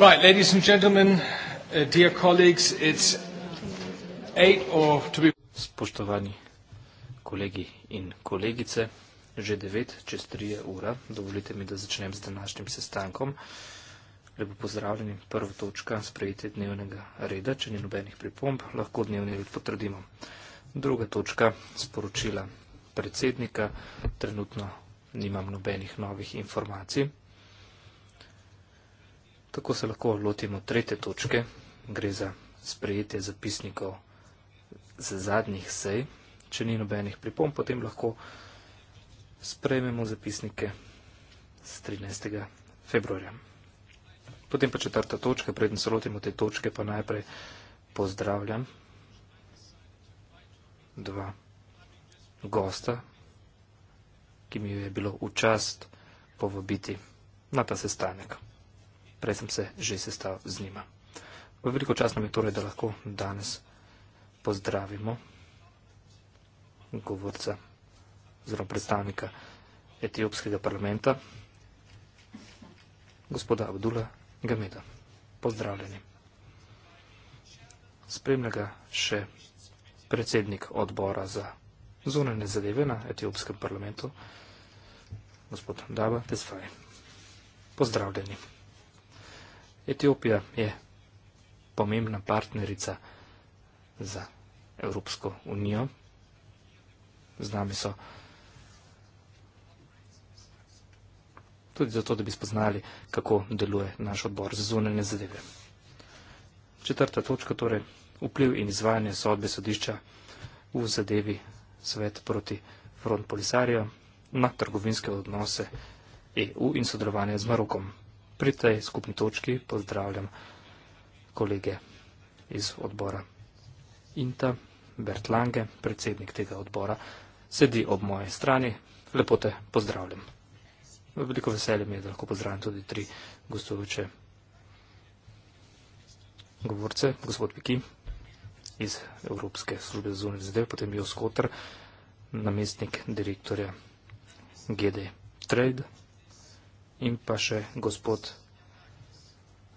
Right, ladies and gentlemen, uh, dear colleagues, it's eight or to be... Spoštovani kolegi in kolegice, že devet čez tri je ura. Dovolite mi, da začnem s današnjim sestankom. Lepo pozdravljeni. Prva točka sprejete dnevnega reda. Če ni nobenih pripomb, lahko dnevni red potrdimo. Druga točka sporočila predsednika. Trenutno nimam nobenih novih informacij. Tako se lahko lotimo tretje točke, gre za sprejetje zapisnikov z zadnjih sej. Če ni nobenih pripomb, potem lahko sprejmemo zapisnike z 13. februarja. Potem pa četrta točka, predem se lotimo te točke, pa najprej pozdravljam dva gosta, ki mi je bilo v čast povabiti na ta sestanek prej sem se že sestal z njima. V veliko čas nam je torej, da lahko danes pozdravimo govorca oziroma predstavnika etiopskega parlamenta, gospoda Abdula Gameda. Pozdravljeni. Spremlja ga še predsednik odbora za zunanje zadeve na etiopskem parlamentu, gospod Daba Tesfaj. Pozdravljeni. Pozdravljeni. Etiopija je pomembna partnerica za Evropsko unijo. Z nami so tudi zato, da bi spoznali, kako deluje naš odbor za zunanje zadeve. Četrta točka, torej vpliv in izvajanje sodbe sodišča v zadevi svet proti front polisarijo na trgovinske odnose EU in sodelovanje z Marokom pri tej skupni točki pozdravljam kolege iz odbora INTA, Bert Lange, predsednik tega odbora, sedi ob moje strani, lepo te pozdravljam. Veliko veselje mi je, da lahko pozdravim tudi tri gostujoče govorce, gospod Piki iz Evropske službe za zunanje zadeve, potem Jo Skotr, namestnik direktorja GD Trade, in pa še gospod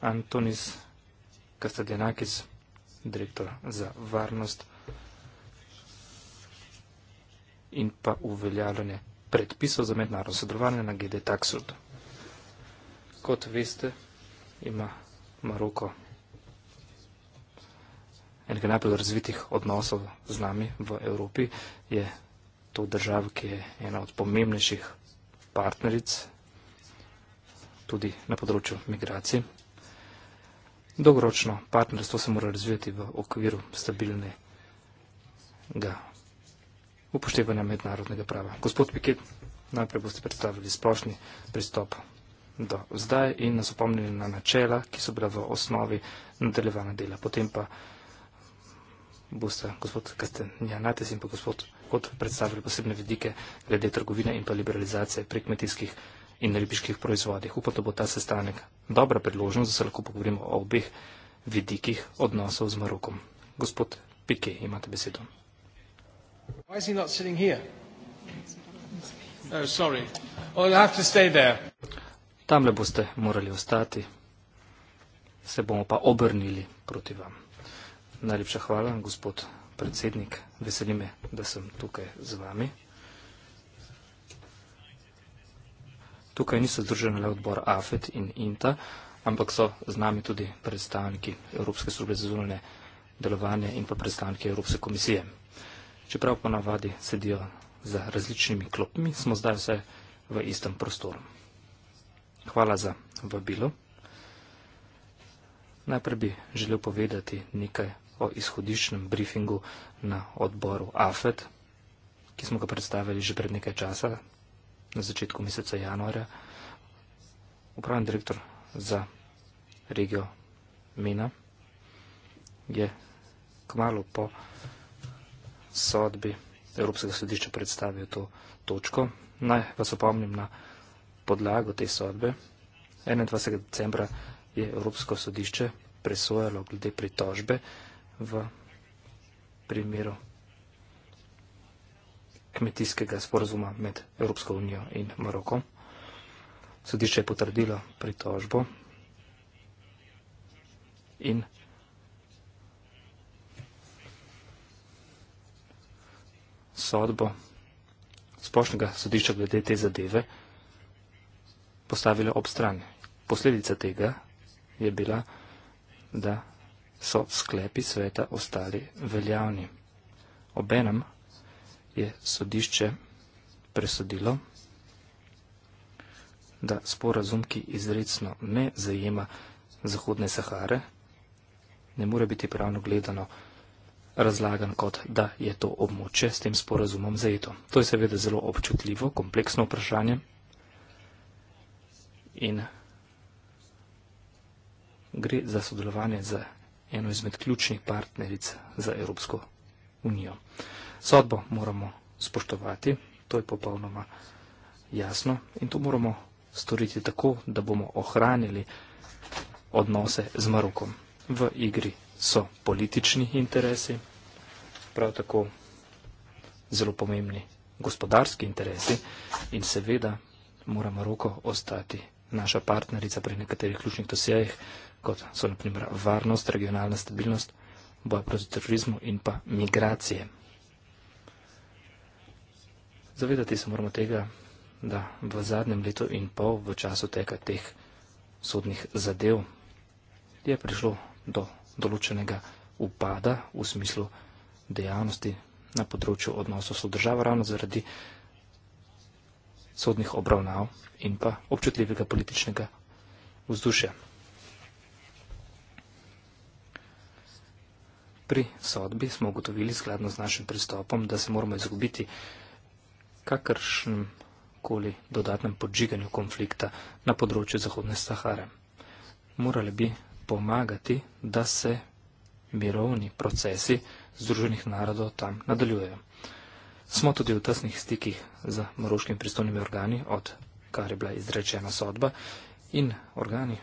Antonis Kastadjanakis, direktor za varnost in pa uveljavljanje predpisov za mednarodno sodelovanje na GD Taksud. Kot veste, ima Maroko enega najbolj razvitih odnosov z nami v Evropi, je to država, ki je ena od pomembnejših partneric tudi na področju migracij. Dolgoročno partnerstvo se mora razvijati v okviru stabilnega upoštevanja mednarodnega prava. Gospod Piket, najprej boste predstavili splošni pristop do zdaj in nas opomnili na načela, ki so bila v osnovi nadaljevana dela. Potem pa boste gospod Kastenjanates in pa gospod kot predstavili posebne vidike glede trgovine in pa liberalizacije pri kmetijskih in ribiških proizvodih. Upam, da bo ta sestanek dobra priložnost, da se lahko pogovorimo o obeh vidikih odnosov z Marokom. Gospod Pike, imate besedo. Oh, oh Tam le boste morali ostati, se bomo pa obrnili proti vam. Najlepša hvala, gospod predsednik. Veseli me, da sem tukaj z vami. Tukaj niso združene le odbor AFET in INTA, ampak so z nami tudi predstavniki Evropske službe za zunanje delovanje in pa predstavniki Evropske komisije. Čeprav ponavadi sedijo za različnimi klopmi, smo zdaj vse v istem prostoru. Hvala za vabilo. Najprej bi želel povedati nekaj o izhodiščnem briefingu na odboru AFET, ki smo ga predstavili že pred nekaj časa, na začetku meseca januarja upravni direktor za regijo Mena je kmalo po sodbi Evropskega sodišča predstavil to točko. Naj vas opomnim na podlago te sodbe. 21. decembra je Evropsko sodišče presojalo glede pritožbe v primeru kmetijskega sporozuma med Evropsko unijo in Maroko. Sodišče je potrdilo pritožbo in sodbo splošnega sodišča glede te zadeve postavilo ob stran. Posledica tega je bila, da so sklepi sveta ostali veljavni. Obenem je sodišče presodilo, da sporazum, ki izredno ne zajema Zahodne Sahare, ne more biti pravno gledano razlagan kot, da je to območje s tem sporazumom zajeto. To je seveda zelo občutljivo, kompleksno vprašanje in gre za sodelovanje z eno izmed ključnih partneric za Evropsko unijo sodbo moramo spoštovati, to je popolnoma jasno in to moramo storiti tako, da bomo ohranili odnose z Marokom. V igri so politični interesi, prav tako zelo pomembni gospodarski interesi in seveda mora Maroko ostati naša partnerica pri nekaterih ključnih dosjejih, kot so naprimer varnost, regionalna stabilnost, boj proti terorizmu in pa migracije. Zavedati se moramo tega, da v zadnjem letu in pol v času teka teh sodnih zadev je prišlo do določenega upada v smislu dejavnosti na področju odnosov s državo ravno zaradi sodnih obravnav in pa občutljivega političnega vzdušja. Pri sodbi smo ugotovili skladno z našim pristopom, da se moramo izgubiti kakršnem koli dodatnem podžiganju konflikta na področju Zahodne Sahare. Morali bi pomagati, da se mirovni procesi Združenih narodov tam nadaljujejo. Smo tudi v tesnih stikih z maroškim pristojnimi organi, od kar je bila izrečena sodba, in organi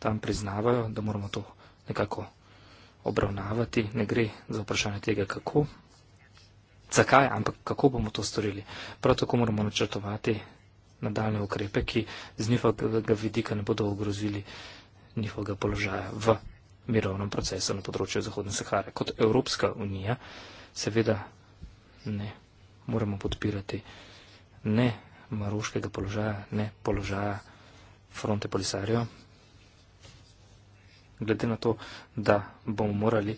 tam priznavajo, da moramo to nekako obravnavati. Ne gre za vprašanje tega, kako, zakaj, ampak kako bomo to storili. Prav tako moramo načrtovati nadaljne ukrepe, ki z njihovega vidika ne bodo ogrozili njihovega položaja v mirovnem procesu na področju Zahodne Sahare. Kot Evropska unija seveda ne moramo podpirati ne maroškega položaja, ne položaja fronte polisarijo. Glede na to, da bomo morali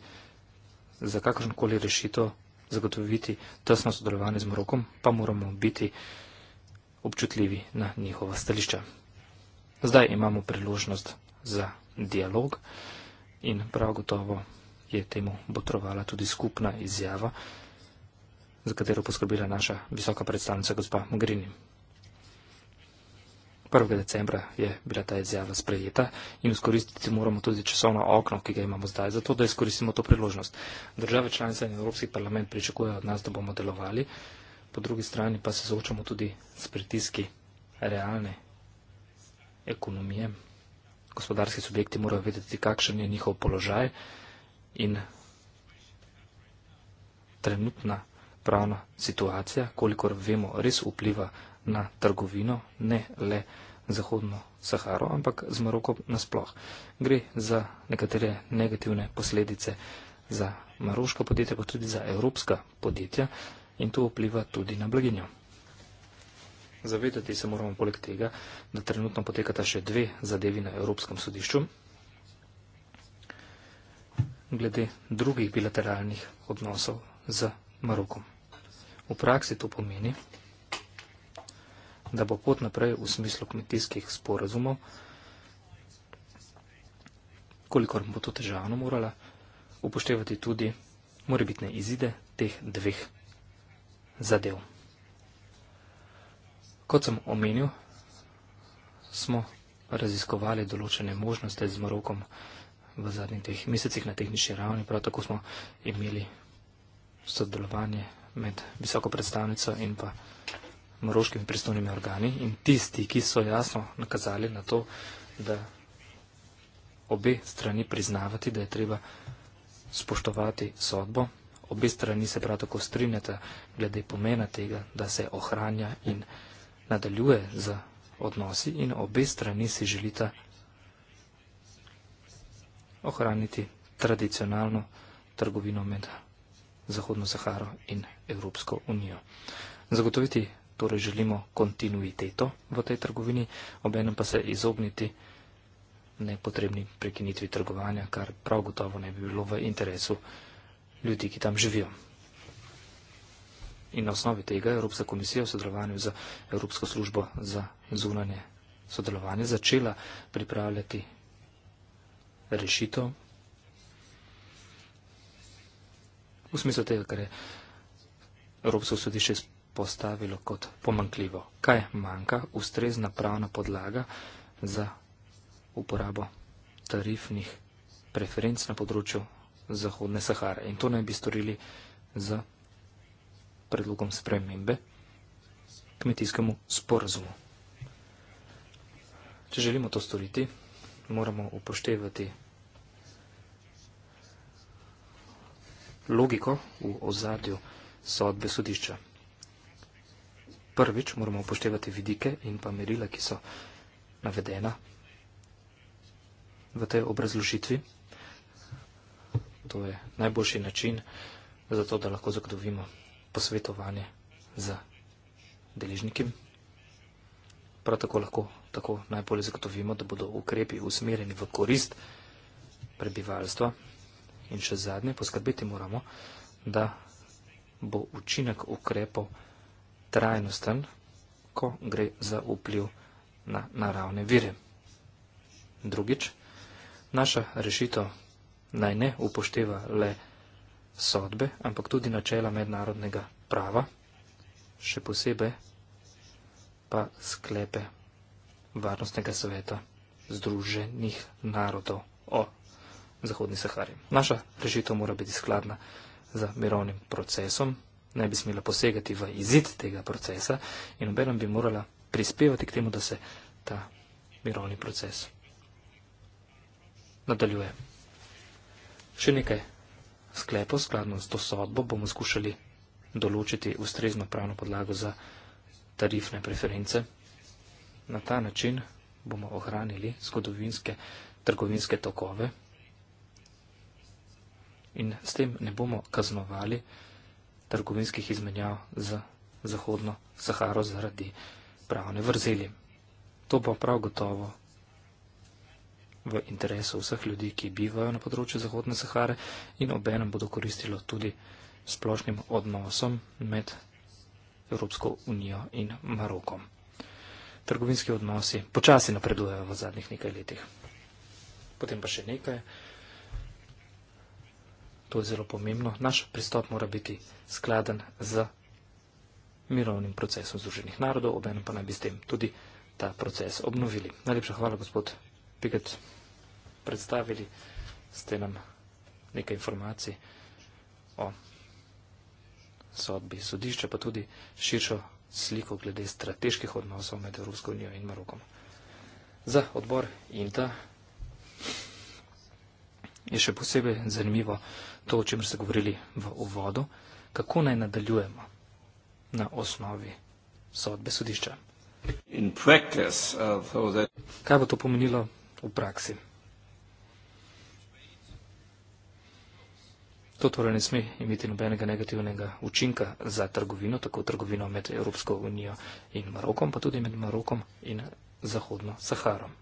za kakršnokoli rešitev zagotoviti tesno sodelovanje z Morokom, pa moramo biti občutljivi na njihova stališča. Zdaj imamo priložnost za dialog in prav gotovo je temu botrovala tudi skupna izjava, za katero poskrbila naša visoka predstavnica gospa Mogherini. 1. decembra je bila ta izjava sprejeta in izkoristiti moramo tudi časovno okno, ki ga imamo zdaj, zato da izkoristimo to priložnost. Države članice in Evropski parlament pričakujejo od nas, da bomo delovali, po drugi strani pa se soočamo tudi s pritiski realne ekonomije. Gospodarski subjekti morajo vedeti, kakšen je njihov položaj in trenutna pravna situacija, kolikor vemo, res vpliva na trgovino, ne le Zahodno Saharo, ampak z Marokom nasploh. Gre za nekatere negativne posledice za maroška podjetja, pa tudi za evropska podjetja in to vpliva tudi na blaginjo. Zavedati se moramo poleg tega, da trenutno potekata še dve zadevi na Evropskem sodišču. Glede drugih bilateralnih odnosov z Marokom. V praksi to pomeni, da bo pot naprej v smislu kmetijskih sporazumov, kolikor bo to težavno morala, upoštevati tudi morebitne izide teh dveh zadev. Kot sem omenil, smo raziskovali določene možnosti z Marokom v zadnjih teh mesecih na tehnični ravni, prav tako smo imeli sodelovanje med visoko predstavnico in pa moroškimi pristojnimi organi in tisti, ki so jasno nakazali na to, da obe strani priznavati, da je treba spoštovati sodbo, obe strani se prav tako strinjata glede pomena tega, da se ohranja in nadaljuje z odnosi in obe strani si želita ohraniti tradicionalno trgovino med Zahodno Saharo in Evropsko unijo. Zagotoviti torej želimo kontinuiteto v tej trgovini, obenem pa se izogniti nepotrebni prekinitvi trgovanja, kar prav gotovo ne bi bilo v interesu ljudi, ki tam živijo. In na osnovi tega je Evropska komisija v sodelovanju z Evropsko službo za zunanje sodelovanje začela pripravljati rešitev v smislu tega, kar je Evropsko sodišče postavilo kot pomankljivo. Kaj manjka? Ustrezna pravna podlaga za uporabo tarifnih preferenc na področju Zahodne Sahare. In to naj bi storili z predlogom spremembe kmetijskemu sporazumu. Če želimo to storiti, moramo upoštevati logiko v ozadju sodbe sodišča prvič moramo upoštevati vidike in pa merila, ki so navedena v tej obrazložitvi. To je najboljši način za to, da lahko zagotovimo posvetovanje z deležniki. Prav tako lahko tako najbolje zagotovimo, da bodo ukrepi usmerjeni v korist prebivalstva. In še zadnje, poskrbeti moramo, da bo učinek ukrepov trajnosten, ko gre za vpliv na naravne vire. Drugič, naša rešitev naj ne upošteva le sodbe, ampak tudi načela mednarodnega prava, še posebej pa sklepe Varnostnega sveta Združenih narodov o Zahodni Sahari. Naša rešitev mora biti skladna za mirovnim procesom, ne bi smela posegati v izid tega procesa in obenem bi morala prispevati k temu, da se ta mirovni proces nadaljuje. Še nekaj sklepov, skladno s to sodbo, bomo skušali določiti ustrezno pravno podlago za tarifne preference. Na ta način bomo ohranili zgodovinske trgovinske tokove in s tem ne bomo kaznovali trgovinskih izmenjav z Zahodno Saharo zaradi pravne vrzeli. To pa prav gotovo v interesu vseh ljudi, ki bivajo na področju Zahodne Sahare in obenem bodo koristilo tudi splošnim odnosom med Evropsko unijo in Marokom. Trgovinski odnosi počasi napredujejo v zadnjih nekaj letih. Potem pa še nekaj. To je zelo pomembno. Naš pristop mora biti skladen z mirovnim procesom Združenih narodov, obenem pa naj bi s tem tudi ta proces obnovili. Najlepša hvala, gospod Piget. Predstavili ste nam nekaj informacij o sodbi sodišča, pa tudi širšo sliko glede strateških odnosov med Evropsko unijo in Marokom. Za odbor in ta je še posebej zanimivo to, o čemer ste govorili v uvodu, kako naj nadaljujemo na osnovi sodbe sodišča. Kaj bo to pomenilo v praksi? To torej ne sme imeti nobenega negativnega učinka za trgovino, tako trgovino med Evropsko unijo in Marokom, pa tudi med Marokom in Zahodno Saharom.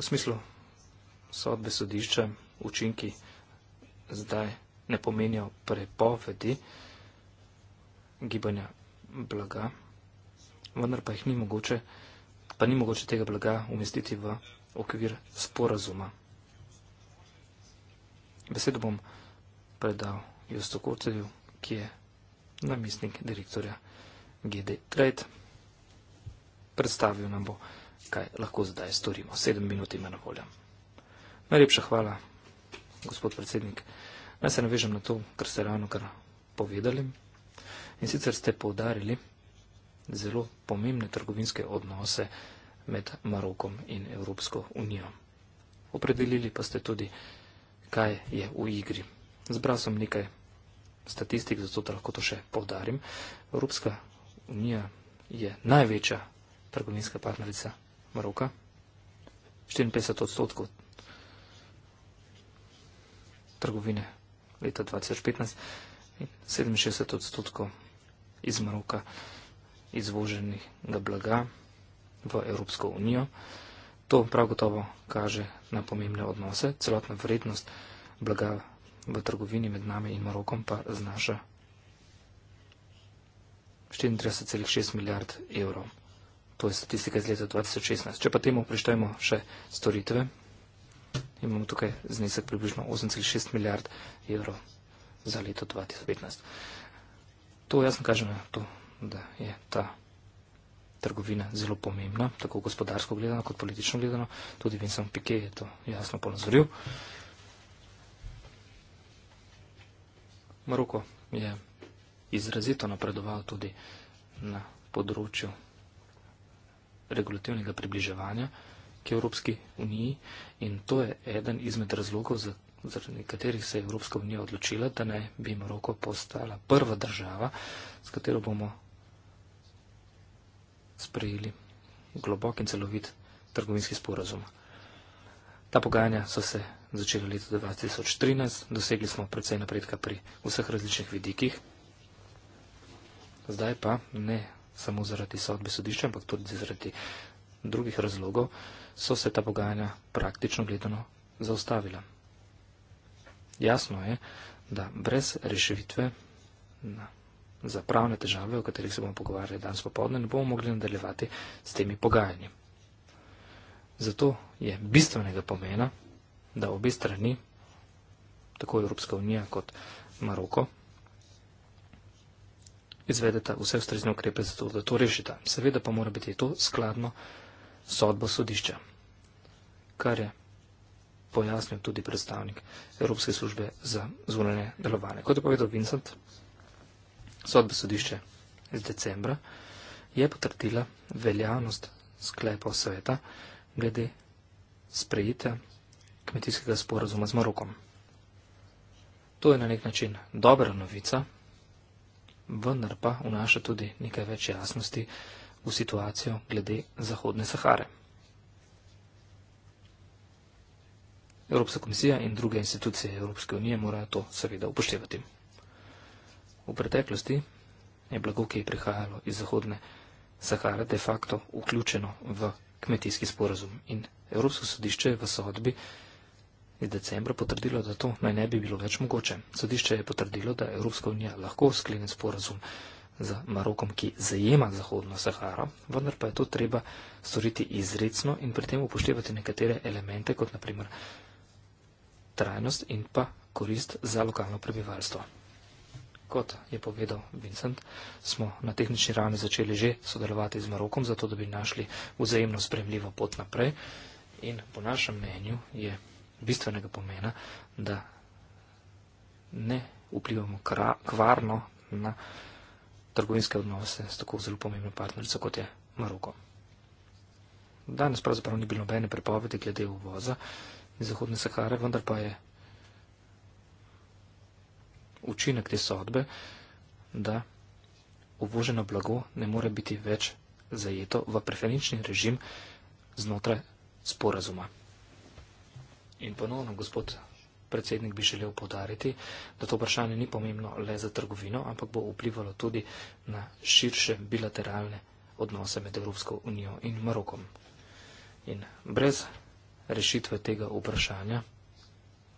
v smislu sodbe sodišča učinki zdaj ne pomenijo prepovedi gibanja blaga, vendar pa jih ni mogoče, pa ni mogoče tega blaga umestiti v okvir sporazuma. Besedo bom predal Justo Kurcevju, ki je namestnik direktorja GD Trade. Predstavil nam bo kaj lahko zdaj storimo. Sedem minut ima na voljo. Najlepša hvala, gospod predsednik. Naj se navežem na to, kar ste ravno kar povedali. In sicer ste povdarili zelo pomembne trgovinske odnose med Marokom in Evropsko unijo. Opredelili pa ste tudi, kaj je v igri. Zbral sem nekaj statistik, zato da lahko to še povdarim. Evropska unija je največja trgovinska partnerica Maroka. 54 odstotkov trgovine leta 2015 in 67 odstotkov iz Maroka izvoženega blaga v Evropsko unijo. To prav gotovo kaže na pomembne odnose. Celotna vrednost blaga v trgovini med nami in Marokom pa znaša 34,6 milijard evrov. To je statistika iz leta 2016. Če pa temu prištajemo še storitve, imamo tukaj znesek približno 8,6 milijard evrov za leto 2015. To jasno kaže na to, da je ta trgovina zelo pomembna, tako gospodarsko gledano kot politično gledano. Tudi Vincent Piquet je to jasno ponazoril. Maroko je izrazito napredoval tudi na področju regulativnega približevanja k Evropski uniji in to je eden izmed razlogov, zaradi katerih se je Evropska unija odločila, da naj bi Maroko postala prva država, s katero bomo sprejeli globok in celovit trgovinski sporazum. Ta pogajanja so se začela leta 2013, dosegli smo precej napredka pri vseh različnih vidikih. Zdaj pa ne samo zaradi sodbe sodišča, ampak tudi zaradi drugih razlogov, so se ta pogajanja praktično gledano zaustavila. Jasno je, da brez reševitve za pravne težave, o katerih se bomo pogovarjali danes popovdne, ne bomo mogli nadaljevati s temi pogajanji. Zato je bistvenega pomena, da obe strani, tako Evropska unija kot Maroko, izvedeta vse ustrezne ukrepe za to, da to rešita. Seveda pa mora biti to skladno sodbo sodišča, kar je pojasnil tudi predstavnik Evropske službe za zunanje delovanje. Kot je povedal Vincent, sodbo sodišče iz decembra je potrdila veljavnost sklepa sveta glede sprejete kmetijskega sporazuma z Marokom. To je na nek način dobra novica vendar pa vnaša tudi nekaj več jasnosti v situacijo glede Zahodne Sahare. Evropska komisija in druge institucije Evropske unije morajo to seveda upoštevati. V preteklosti je blago, ki je prihajalo iz Zahodne Sahare, de facto vključeno v kmetijski sporazum in Evropsko sodišče je v sodbi so je decembra potrdilo, da to naj ne bi bilo več mogoče. Sodišče je potrdilo, da Evropska unija lahko sklene sporazum z Marokom, ki zajema Zahodno Sahara, vendar pa je to treba storiti izredno in pri tem upoštevati nekatere elemente, kot naprimer trajnost in pa korist za lokalno prebivalstvo. Kot je povedal Vincent, smo na tehnični ravni začeli že sodelovati z Marokom, zato da bi našli vzajemno spremljivo pot naprej. In po našem mnenju je bistvenega pomena, da ne vplivamo kvarno na trgovinske odnose s tako zelo pomembno partnerico, kot je Maroko. Danes pravzaprav ni bilo nobene prepovedi glede uvoza iz Zahodne Sahare, vendar pa je učinek te sodbe, da uvoženo blago ne more biti več zajeto v preferenčni režim znotraj sporazuma. In ponovno, gospod predsednik, bi želel podariti, da to vprašanje ni pomembno le za trgovino, ampak bo vplivalo tudi na širše bilateralne odnose med Evropsko unijo in Marokom. In brez rešitve tega vprašanja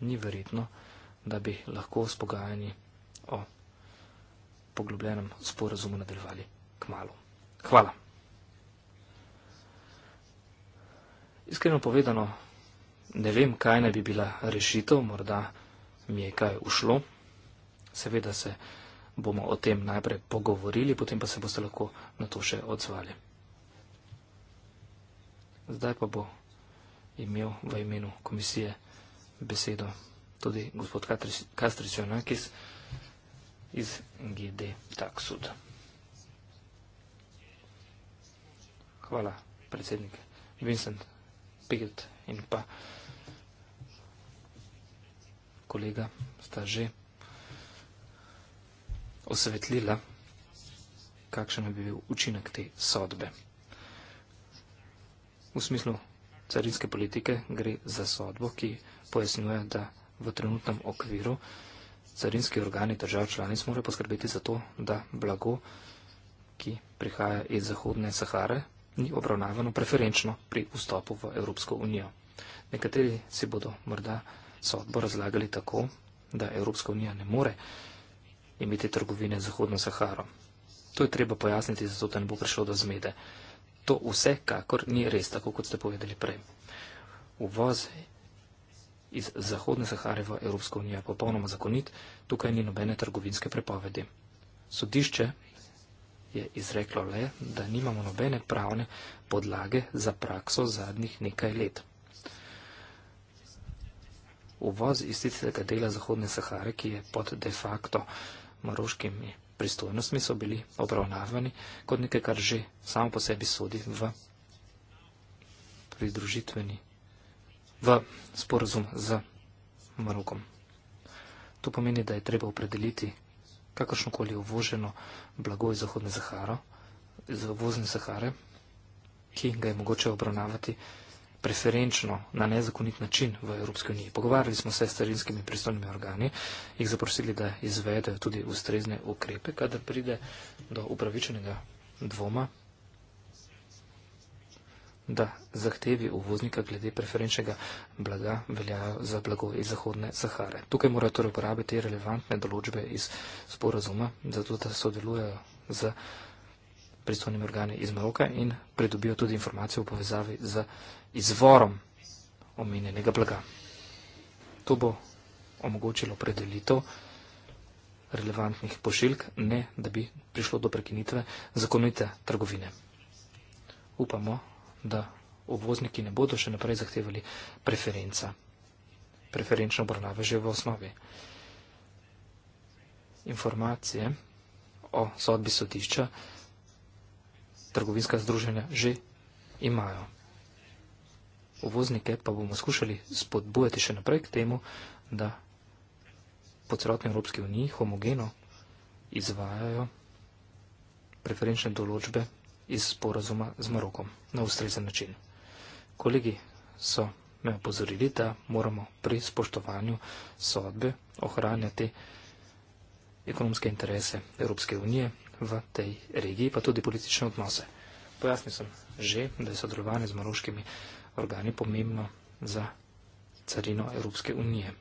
ni verjetno, da bi lahko s pogajanji o poglobljenem sporazumu nadaljevali k malu. Hvala. Iskreno povedano, ne vem, kaj naj bi bila rešitev, morda mi je kaj ušlo. Seveda se bomo o tem najprej pogovorili, potem pa se boste lahko na to še odzvali. Zdaj pa bo imel v imenu komisije besedo tudi gospod Kastris Jonakis iz GD Taksud. Hvala, predsednik Vincent Pigot in pa kolega sta že osvetlila, kakšen bi bil učinek te sodbe. V smislu carinske politike gre za sodbo, ki pojasnjuje, da v trenutnem okviru carinski organi držav članic morajo poskrbeti za to, da blago, ki prihaja iz Zahodne Sahare, ni obravnavano preferenčno pri vstopu v Evropsko unijo. Nekateri si bodo morda sodbo razlagali tako, da Evropska unija ne more imeti trgovine z Zahodno Saharo. To je treba pojasniti, zato da ne bo prišlo do zmede. To vse, kakor ni res, tako kot ste povedali prej. Uvoz iz Zahodne Sahare v Evropsko unijo je popolnoma zakonit, tukaj ni nobene trgovinske prepovedi. Sodišče je izreklo le, da nimamo nobene pravne podlage za prakso zadnjih nekaj let uvoz iz tistega dela Zahodne Sahare, ki je pod de facto maroškimi pristojnostmi, so bili obravnavani kot nekaj, kar že samo po sebi sodi v pridružitveni, v sporazum z Marokom. To pomeni, da je treba opredeliti kakršnokoli uvoženo blago iz Zahodne Zahare, iz uvozne Sahare, ki ga je mogoče obravnavati preferenčno na nezakonit način v Evropski uniji. Pogovarjali smo se s starinskimi pristojnimi organi, jih zaprosili, da izvedejo tudi ustrezne ukrepe, kadar pride do upravičenega dvoma, da zahtevi uvoznika glede preferenčnega blaga veljajo za blago iz Zahodne Sahare. Tukaj morajo torej uporabiti relevantne določbe iz sporazuma, zato da sodelujejo z pristojnimi organi iz Maroka in pridobijo tudi informacije v povezavi z izvorom omenjenega blaga. To bo omogočilo predelitev relevantnih pošiljk, ne da bi prišlo do prekinitve zakonite trgovine. Upamo, da uvozniki ne bodo še naprej zahtevali preferenca, preferenčne obravnave že v osnovi. Informacije o sodbi sodišča trgovinska združenja že imajo uvoznike, pa bomo skušali spodbujati še naprej k temu, da po celotni Evropski uniji homogeno izvajajo preferenčne določbe iz sporazuma z Marokom na ustrezen način. Kolegi so me opozorili, da moramo pri spoštovanju sodbe ohranjati ekonomske interese Evropske unije v tej regiji, pa tudi politične odnose. Pojasnil sem že, da je sodelovanje z maroškimi organi pomembno za carino Evropske unije.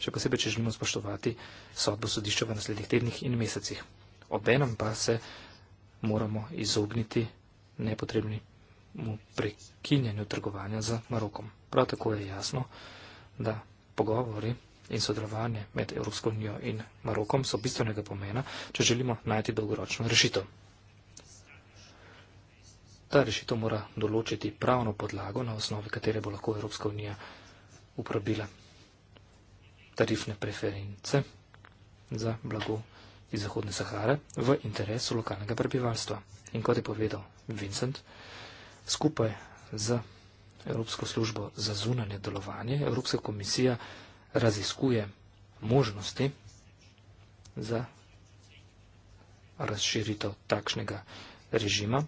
Še posebej, če želimo spoštovati sodbo sodišča v naslednjih tednih in mesecih. Obenem pa se moramo izogniti nepotrebnemu prekinjanju trgovanja z Marokom. Prav tako je jasno, da pogovori in sodelovanje med Evropsko unijo in Marokom so bistvenega pomena, če želimo najti dolgoročno rešitev. Ta rešitev mora določiti pravno podlago, na osnovi katere bo lahko Evropska unija uporabila tarifne preference za blago iz Zahodne Sahare v interesu lokalnega prebivalstva. In kot je povedal Vincent, skupaj z Evropsko službo za zunanje delovanje Evropska komisija raziskuje možnosti za razširitev takšnega režima,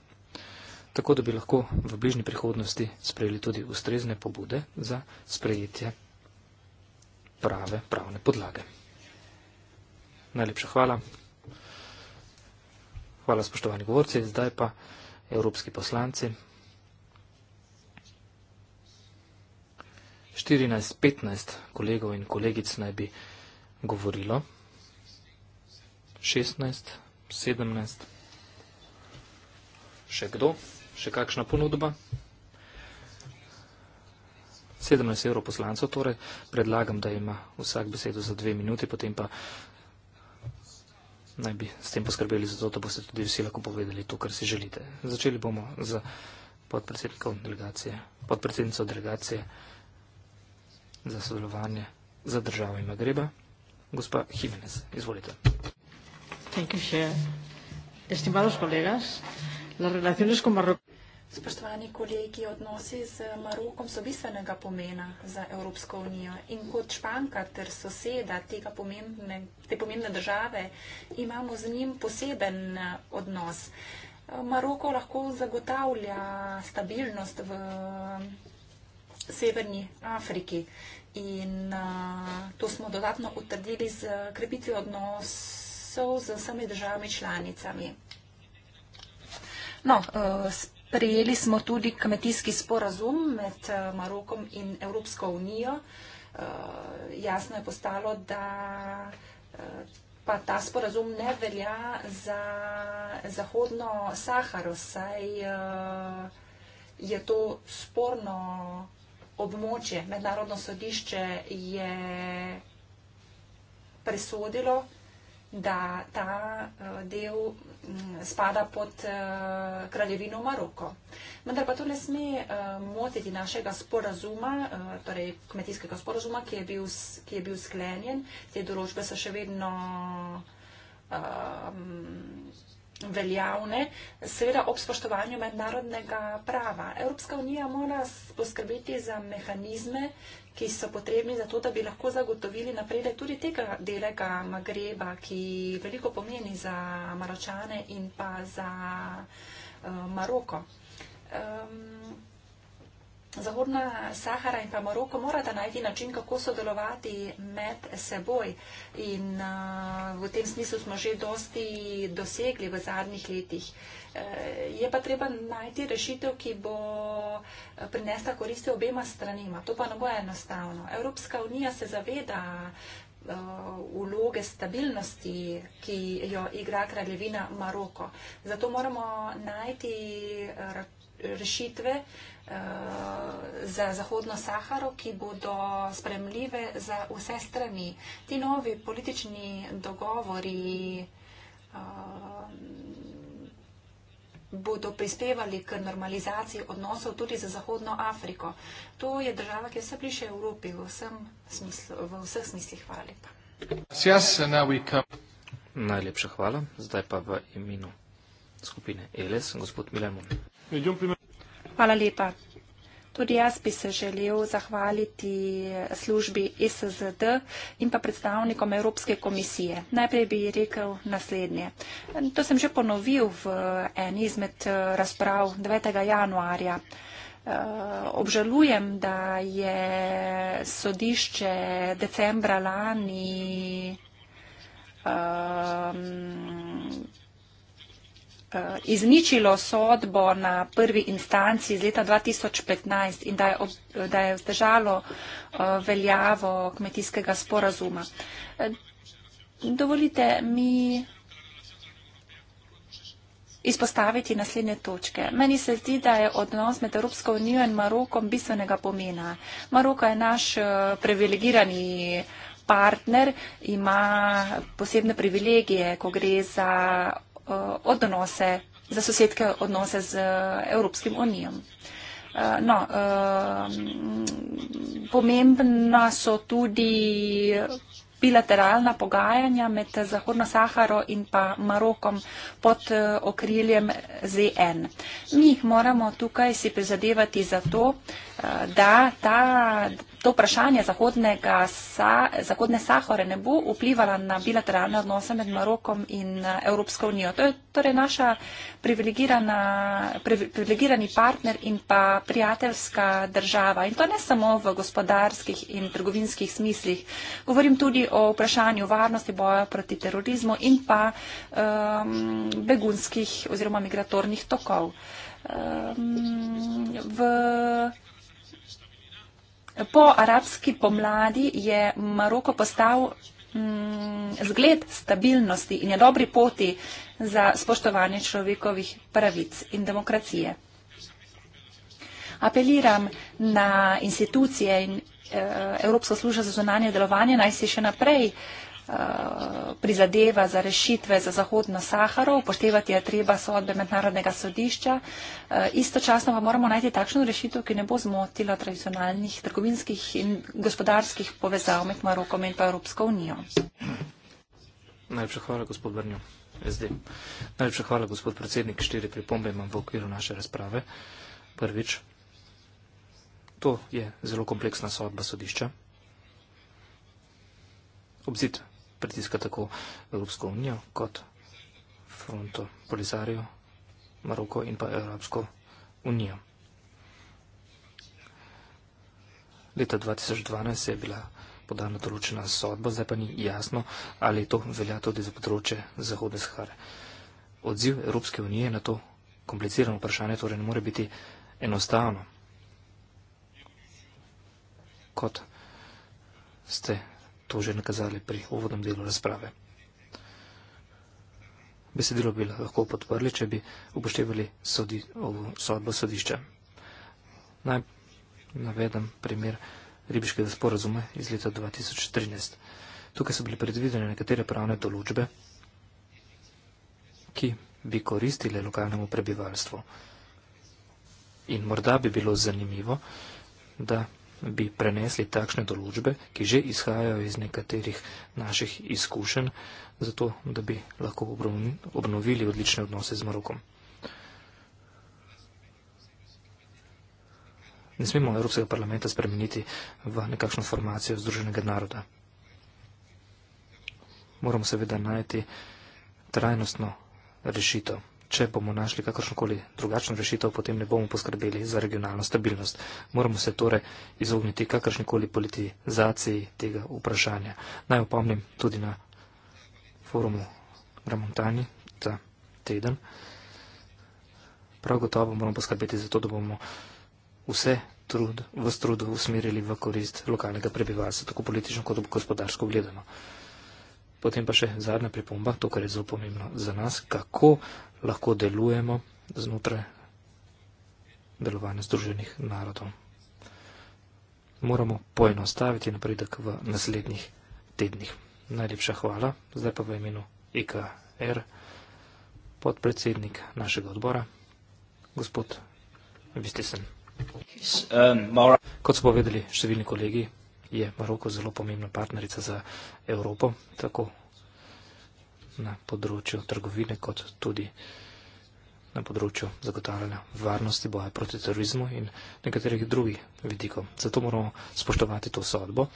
tako da bi lahko v bližnji prihodnosti sprejeli tudi ustrezne pobude za sprejetje prave pravne podlage. Najlepša hvala. Hvala, spoštovani govorci. Zdaj pa evropski poslanci. 14-15 kolegov in kolegic naj bi govorilo. 16-17. Še kdo? še kakšna ponudba. 17 evrov poslancev, torej predlagam, da ima vsak besedo za dve minuti, potem pa naj bi s tem poskrbeli za to, da boste tudi vsi lahko povedali to, kar si želite. Začeli bomo z podpredsednikom delegacije, podpredsednico delegacije za sodelovanje za državo in Magreba. Gospa Jimenez, izvolite. Thank you, Estimados colegas, las relaciones con Marruecos. Spoštovani kolegi, odnosi z Marokom so bistvenega pomena za Evropsko unijo in kot Španka ter soseda pomembne, te pomembne države imamo z njim poseben eh, odnos. Eh, Maroko lahko zagotavlja stabilnost v eh, Severni Afriki in to smo dodatno utrdili z krepitvijo odnosov z vsemi državami članicami. No, uh, prejeli smo tudi kmetijski sporazum med eh, Marokom in Evropsko unijo. Eh, jasno je postalo, da eh, pa ta sporazum ne velja za zahodno Saharo, saj je to sporno območje. Mednarodno sodišče je presodilo, da ta eh, del mm, spada pod eh, kraljevino Maroko. Vendar pa to ne sme eh, motiti našega sporazuma, torej kmetijskega sporazuma, ki je bil, ki je bil sklenjen. Te določbe so še vedno um, veljavne, seveda ob spoštovanju mednarodnega prava. Evropska unija mora poskrbeti za mehanizme, ki so potrebni za to, da bi lahko zagotovili napredek tudi tega delega Magreba, ki veliko pomeni za Maročane in pa za uh, Maroko. Um, Zahodna Sahara in pa Maroko morata najti način, kako sodelovati med seboj. In uh, v tem smislu smo že dosti dosegli v zadnjih letih. Uh, je pa treba najti rešitev, ki bo eh, prinesla koristi obema stranima. To pa ne bo enostavno. Evropska unija se zaveda eh, vloge stabilnosti, ki jo igra kraljevina Maroko. Zato moramo najti rešitve eh, za Zahodno Saharo, ki bodo spremljive za vse strani. Ti novi politični dogovori eh, bodo prispevali k normalizaciji odnosov tudi za Zahodno Afriko. To je država, ki je vse bliže Evropi v, smislu, v vseh smislih. Hvala lepa. Najlepša hvala. Zdaj pa v imenu skupine ELES, gospod Milemov. Hvala lepa. Tudi jaz bi se želel zahvaliti službi SZD in pa predstavnikom Evropske komisije. Najprej bi rekel naslednje. To sem že ponovil v eni izmed eh, razprav 9. januarja. Eh, obžalujem, da je sodišče decembra lani. Um, Eh, izničilo sodbo na prvi instanci iz leta 2015 in da je, ob, da je vzdržalo eh, veljavo kmetijskega sporazuma. Eh, dovolite mi izpostaviti naslednje točke. Meni se zdi, da je odnos med Evropsko unijo in Marokom bistvenega pomena. Maroko je naš privilegirani partner, ima posebne privilegije, ko gre za Eh, odnose, za sosedske odnose z eh, Evropskim unijom. Eh, no, pomembna so tudi bilateralna pogajanja med Zahodno Saharo in pa Marokom pod okriljem ZN. Mi moramo tukaj si prizadevati za to, da ta, to vprašanje sa, Zahodne Sahore ne bo vplivala na bilateralne odnose med Marokom in eh, Evropsko unijo. To je torej naša privilegirani partner in pa prijateljska država. In to ne samo v gospodarskih in trgovinskih smislih. Govorim tudi o vprašanju varnosti boja proti terorizmu in pa um, begunskih oziroma migratornih tokov. Um, v Po arabski pomladi je Maroko postal mm, zgled stabilnosti in je dobri poti za spoštovanje človekovih pravic in demokracije. Apeliram na institucije in e, Evropsko službo za zunanje delovanje naj se še naprej Eh, prizadeva za rešitve za Zahodno Saharo, upoštevati je treba sodbe mednarodnega sodišča. Eh, istočasno pa moramo najti takšno rešitev, ki ne bo zmotila tradicionalnih trgovinskih in gospodarskih povezav med Marokom in pa Evropsko unijo. Najlepša hvala, gospod Brnjo. SD. Najlepša hvala, gospod predsednik. Štiri pripombe imam v okviru naše razprave. Prvič, to je zelo kompleksna sodba sodišča. Obzit, pritiska tako Evropsko unijo kot fronto Polizarijo, Maroko in pa Evropsko unijo. Leta 2012 je bila podana določena sodba, zdaj pa ni jasno, ali to velja tudi za področje Zahodne Sahare. Odziv Evropske unije na to komplicirano vprašanje torej ne more biti enostavno. Kot ste to že nakazali pri uvodnem delu razprave. Besedilo bi lahko podprli, če bi upoštevali sodi, ovo sodbo sodišča. Naj navedem primer ribiškega sporazuma iz leta 2013. Tukaj so bile predvidene nekatere pravne določbe, ki bi koristile lokalnemu prebivalstvu. In morda bi bilo zanimivo, da bi prenesli takšne določbe, ki že izhajajo iz nekaterih naših izkušenj, zato da bi lahko obnovili odlične odnose z Marokom. Ne smemo Evropskega parlamenta spremeniti v nekakšno formacijo Združenega naroda. Moramo seveda najti trajnostno rešitev če bomo našli kakršnokoli drugačno rešitev, potem ne bomo poskrbeli za regionalno stabilnost. Moramo se torej izogniti kakršnikoli politizaciji tega vprašanja. Naj upomnim tudi na forumu Ramontani ta teden. Prav gotovo moramo poskrbeti za to, da bomo vse trud, v strudu usmerili v korist lokalnega prebivalstva, tako politično kot gospodarsko gledano. Potem pa še zadnja pripomba, to, kar je zelo pomembno za nas, kako lahko delujemo znotraj delovanja združenih narodov. Moramo poenostaviti napredek v naslednjih tednih. Najlepša hvala, zdaj pa v imenu IKR, e podpredsednik našega odbora, gospod Vistesen. Um, Kot so povedali številni kolegi, je Maroko zelo pomembna partnerica za Evropo, tako na področju trgovine, kot tudi na področju zagotavljanja varnosti boja proti terorizmu in nekaterih drugih vidikov. Zato moramo spoštovati to sodbo,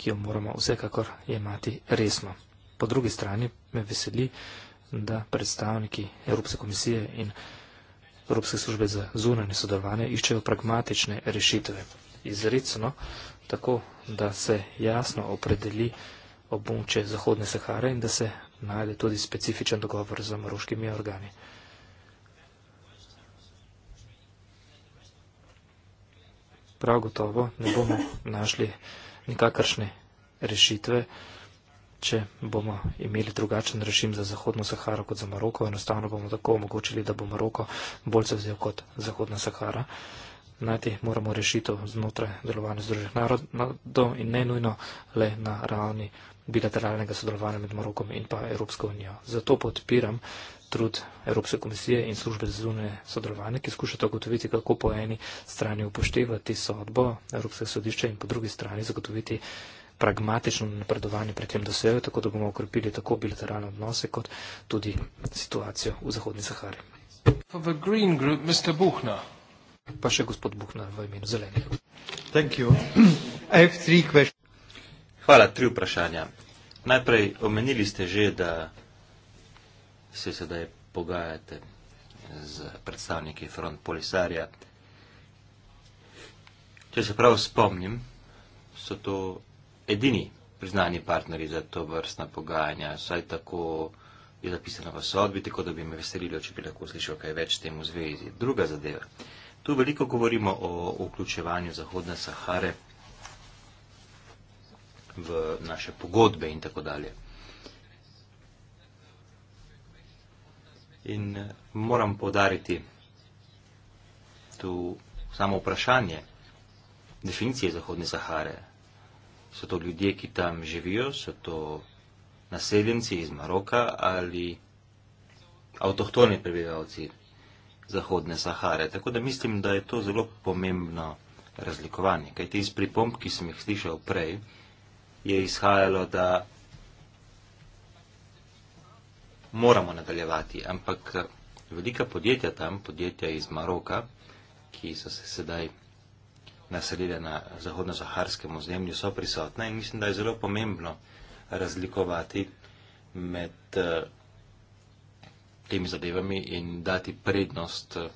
ki jo moramo vsekakor jemati resno. Po drugi strani me veseli, da predstavniki Evropske komisije in Evropske komisije Evropske službe za zunanje sodelovanje iščejo pragmatične rešitve. Izrecno, tako da se jasno opredeli območje Zahodne Sahare in da se najde tudi specifičen dogovor z maroškimi organi. Prav gotovo ne bomo našli nikakršne rešitve če bomo imeli drugačen režim za Zahodno Saharo kot za Maroko, enostavno bomo tako omogočili, da bo Maroko bolj zavzel kot Zahodna Sahara. Najti moramo rešitev znotraj delovanja Združenih narodov in ne nujno le na ravni bilateralnega sodelovanja med Marokom in pa Evropsko unijo. Zato podpiram trud Evropske komisije in službe za zunanje sodelovanje, ki skušajo zagotoviti, kako po eni strani upoštevati sodbo Evropske sodišča in po drugi strani zagotoviti pragmatično napredovanje pri tem dosegel, tako da bomo okrepili tako bilateralne odnose kot tudi situacijo v Zahodni Sahari. Pa še gospod Buhna v imenu zelenih. Hvala, tri vprašanja. Najprej omenili ste že, da se sedaj pogajate z predstavniki Front Polisarja. Če se prav spomnim, so to edini priznani partneri za to vrstna pogajanja, saj tako je zapisano v sodbi, tako da bi me veselilo, če bi lahko slišal kaj več temu zvezi. Druga zadeva. Tu veliko govorimo o vključevanju Zahodne Sahare v naše pogodbe in tako dalje. In eh, moram podariti tu samo vprašanje definicije Zahodne Sahare so to ljudje, ki tam živijo, so to naseljenci iz Maroka ali avtohtoni prebivalci Zahodne Sahare. Tako da mislim, da je to zelo pomembno razlikovanje. Kaj ti iz pripomb, ki sem jih slišal prej, je izhajalo, da moramo nadaljevati, ampak velika podjetja tam, podjetja iz Maroka, ki so se sedaj naselile na zahodno-saharskem ozemlju, so prisotna in mislim, da je zelo pomembno razlikovati med eh, temi zadevami in dati prednost eh,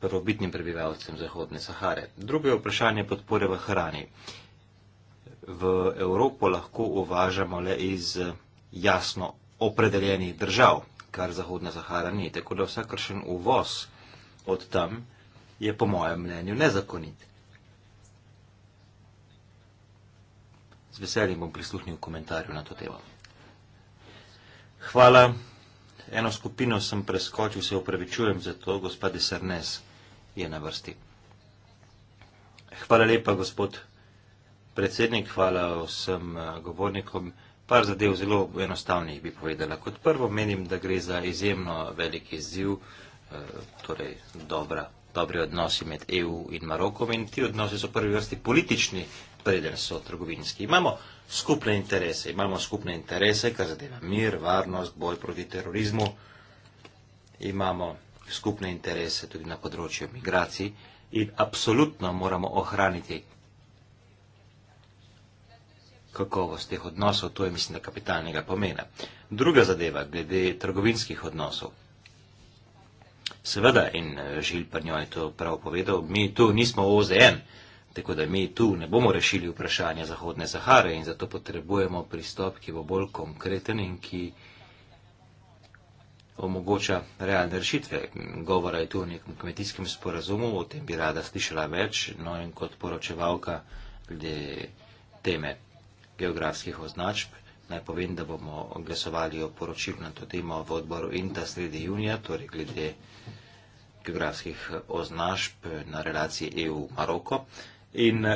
prvobitnim prebivalcem Zahodne Sahare. Drugo je vprašanje podpore v hrani. V Evropo lahko uvažamo le iz eh, jasno opredeljenih držav, kar Zahodna Sahara ni. Tako da vsakršen uvoz od tam je po mojem mnenju nezakonit. Z veseljem bom prisluhnil komentarju na to temo. Hvala. Eno skupino sem preskočil, se upravičujem za to, gospod Desernes je na vrsti. Hvala lepa, gospod predsednik, hvala vsem eh, govornikom. Par zadev zelo enostavnih bi povedala. Kot prvo menim, da gre za izjemno velik izziv, eh, torej dobra dobri odnosi med EU in Marokom in ti odnosi so prvi vrsti politični, preden so trgovinski. Imamo skupne interese, imamo skupne interese, kar zadeva mir, varnost, boj proti terorizmu, imamo skupne interese tudi na področju migracij in absolutno moramo ohraniti kakovost teh odnosov, to je mislim, da kapitalnega pomena. Druga zadeva glede trgovinskih odnosov. Seveda, in eh, Žil pa njo je to prav povedal, mi tu nismo OZN, tako da mi tu ne bomo rešili vprašanja Zahodne Sahare in zato potrebujemo pristop, ki bo bolj konkreten in ki omogoča realne rešitve. Govora je tu o nekem kmetijskem sporazumu, o tem bi rada slišala več, no in kot poročevalka glede teme geografskih označb. Naj povem, da bomo glasovali o poročilu na to temo v odboru INTA sredi junija, torej glede geografskih označb na relaciji EU-Maroko. In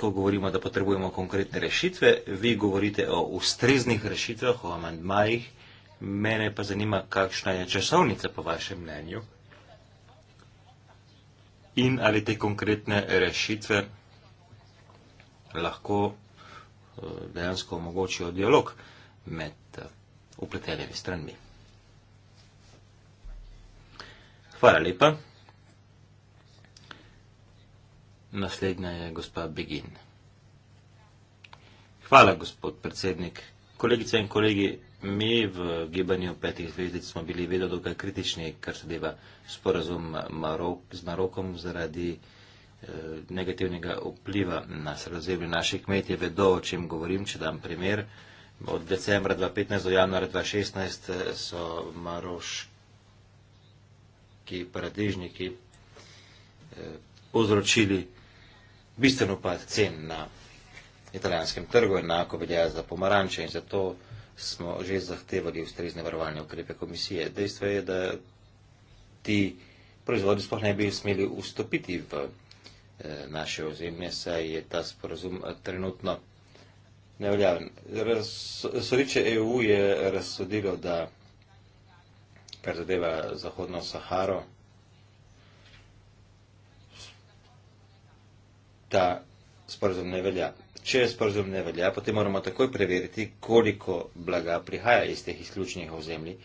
ko govorimo, da potrebujemo konkretne rešitve, vi govorite o ustreznih rešitvah, o amandmajih. Mene pa zanima, kakšna je časovnica po vašem mnenju in ali te konkretne rešitve lahko dejansko omogočijo dialog med upletenimi eh, stranmi. Hvala lepa. Naslednja je gospa Begin. Hvala, gospod predsednik. Kolegice in kolegi, mi v gibanju petih zvezdic smo bili vedno dokaj kritični, kar se deva sporazum Marok, z Marokom zaradi Eh, negativnega vpliva na sredozemlje. Naši kmetje vedo, o čem govorim, če dam primer. Od decembra 2015 do januarja 2016 eh, so maroški paradižniki eh, povzročili bistveno pad cen na italijanskem trgu, enako velja za pomaranče in zato smo že zahtevali ustrezne varovalne ukrepe komisije. Dejstvo je, da ti proizvodi sploh ne bi smeli vstopiti v Eh, naše ozemlje, saj je ta sporazum eh, trenutno neveljaven. Sodiče EU je razsodilo, da kar zadeva Zahodno Saharo, ta sporazum ne velja. Če sporazum ne velja, potem moramo takoj preveriti, koliko blaga prihaja iz teh izključnih ozemlji